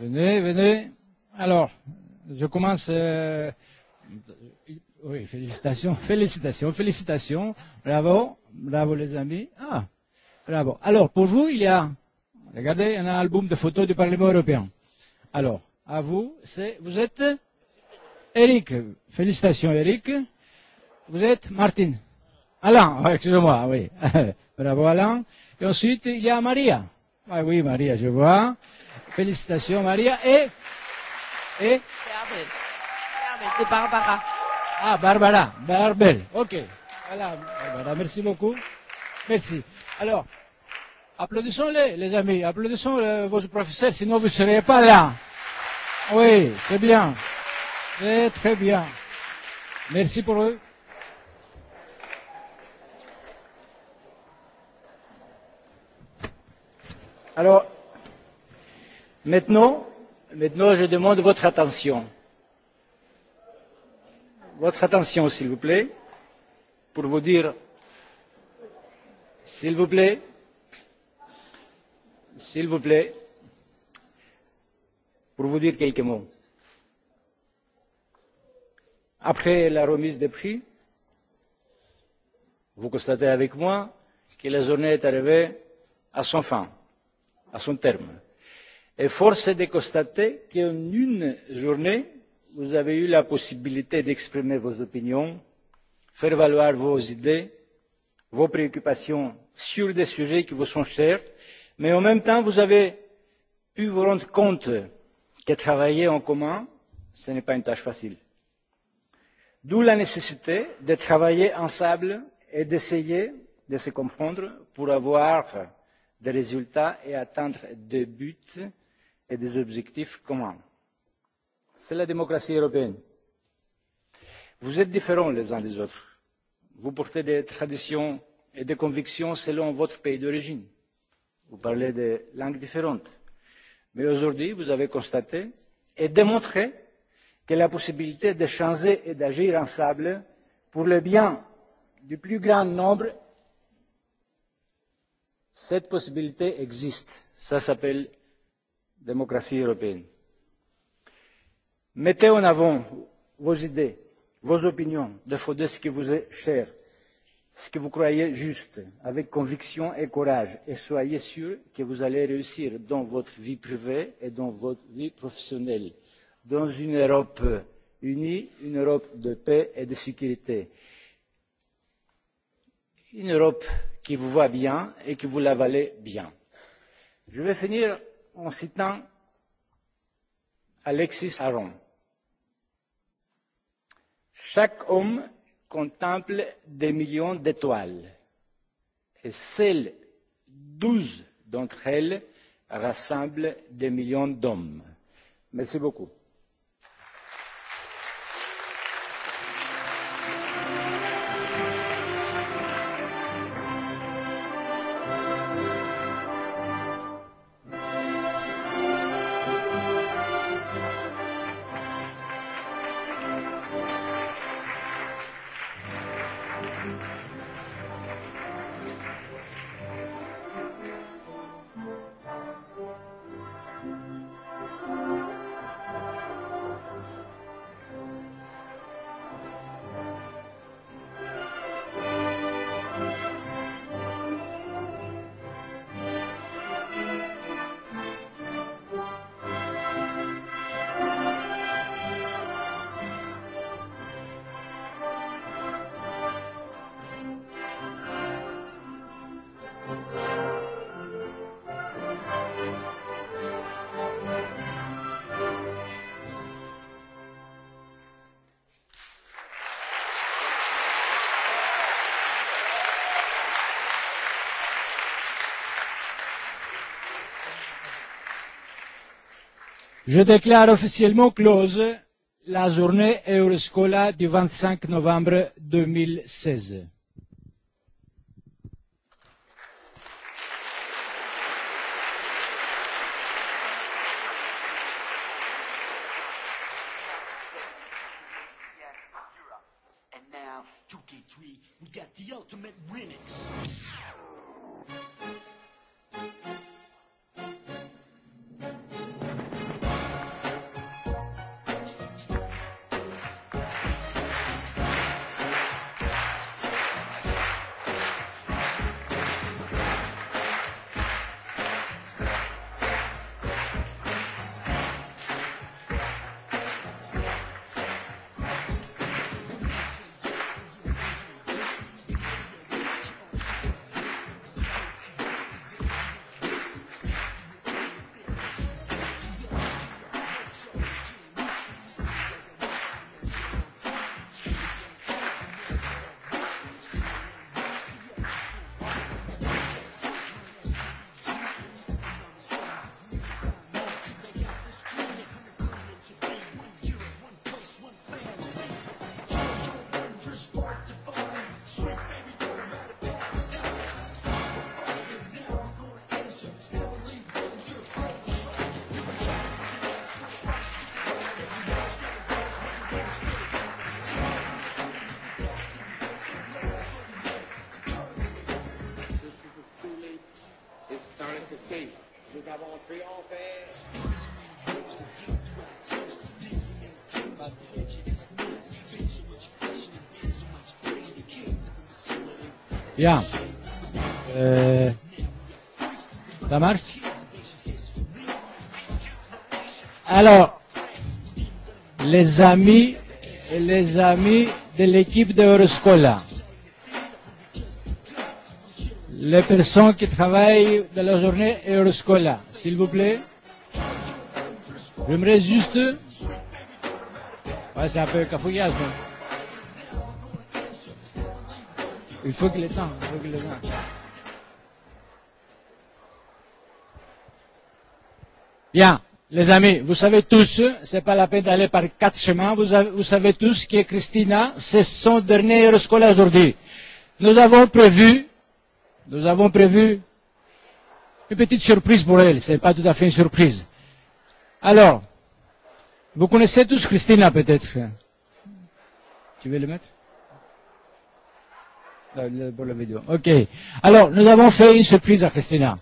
Venez, venez. Alors, je commence euh, Oui, félicitations, félicitations, félicitations. Bravo, bravo les amis. Ah, bravo. Alors, pour vous, il y a, regardez, un album de photos du Parlement européen. Alors, à vous, c'est, vous êtes Eric. Félicitations, Eric. Vous êtes Martine. Alain, excusez-moi, oui. bravo, Alain. Et ensuite, il y a Maria. Ah oui, Maria, je vois. Félicitations, Maria. Et, et, Barbel, de Barbara. Ah, Barbara, Barbel, ok. Voilà, Barbara, merci beaucoup. Merci. Alors, applaudissons-les, les amis, applaudissons euh, vos professeurs, sinon vous ne seriez pas là. Oui, c'est bien. Très, très bien. Merci pour eux. Alors, maintenant, maintenant, je demande votre attention votre attention s'il vous plaît pour vous dire s'il vous plaît s'il vous plaît pour vous dire quelques mots. Après la remise des prix, vous constatez avec moi que la journée est arrivée à son fin, à son terme. Et force est de constater qu'en une journée, vous avez eu la possibilité d'exprimer vos opinions, faire valoir vos idées, vos préoccupations sur des sujets qui vous sont chers, mais en même temps, vous avez pu vous rendre compte que travailler en commun, ce n'est pas une tâche facile. D'où la nécessité de travailler ensemble et d'essayer de se comprendre pour avoir des résultats et atteindre des buts et des objectifs communs C'est la démocratie européenne. Vous êtes différents les uns des autres. Vous portez des traditions et des convictions selon votre pays d'origine. Vous parlez des langues différentes. Mais aujourd'hui, vous avez constaté et démontré que la possibilité de changer et d'agir ensemble pour le bien du plus grand nombre, cette possibilité existe. Ça s'appelle démocratie européenne. Mettez en avant vos idées, vos opinions, défendez ce qui vous est cher, ce que vous croyez juste, avec conviction et courage, et soyez sûr que vous allez réussir dans votre vie privée et dans votre vie professionnelle, dans une Europe unie, une Europe de paix et de sécurité, une Europe qui vous voit bien et qui vous la valez bien. Je vais finir en citant Alexis Aron Chaque homme contemple des millions d'étoiles et seules douze d'entre elles rassemblent des millions d'hommes. Merci beaucoup. Je déclare officiellement close la journée Euroscola du 25 novembre 2016. Ja. Ee, ça marche Alors, les amis, et les amis de l'équipe de Euroscola, les personnes qui travaillent dans la journée Euroscola, s'il vous plaît, j'aimerais juste... Ouais, c'est un peu cafouillage, mais... Il faut qu'il éteint, il faut qu'il éteint. Bien, les amis, vous savez tous, c'est pas la peine d'aller par quatre chemins, vous, avez, vous savez tous que Christina, c'est son dernier Euroscola aujourd'hui. Nous avons prévu, nous avons prévu une petite surprise pour elle, c'est pas tout à fait une surprise. Alors, vous connaissez tous Christina peut-être. Tu veux le mettre Euh, pour la vidéo. Ok. Alors, nous avons fait une surprise à Christina.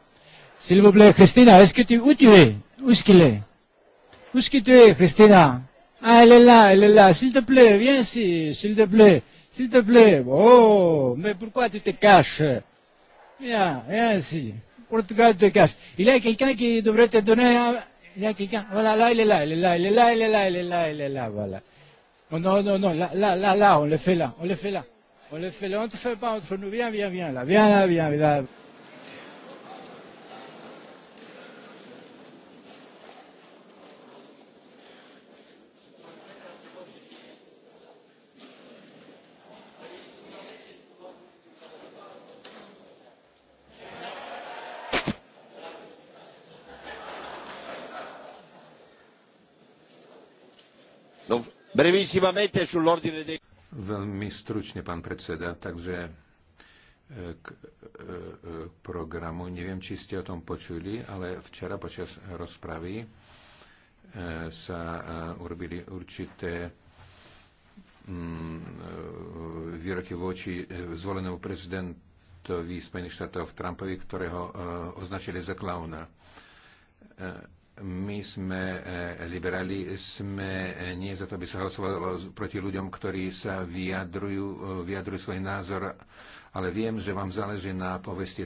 S'il vous plaît, Christina, est-ce que tu, où tu es? Où est-ce qu'il est? Où est-ce que tu es, Christina? Ah, elle est là, elle est là. S'il te plaît, viens ici, s'il te plaît. S'il te plaît. Oh, mais pourquoi tu te caches? Viens, viens ici. Pourquoi tu te caches? Il y a quelqu'un qui devrait te donner un... Il y a quelqu'un. Voilà, là, il est là, il est là, il est là, il est là, il est là, il est là, voilà. Oh, non, non, non, là, là, là, là, on le fait là, on le fait là. On le fait, on te fait pas entre nous. Viens, viens, viens là. Viens là, viens là. brevissimamente sull'ordine dei Veľmi stručne, pán predseda, takže e, k e, e, programu. Neviem, či ste o tom počuli, ale včera počas rozpravy sa urobili určité mm, výroky voči zvolenému prezidentovi Spojených štátov Trumpovi, ktorého označili za klauna my sme e, liberáli, sme e, nie za to, aby sa hlasovalo proti ľuďom, ktorí sa vyjadrujú, e, vyjadrujú svoj názor, ale viem, že vám záleží na povesti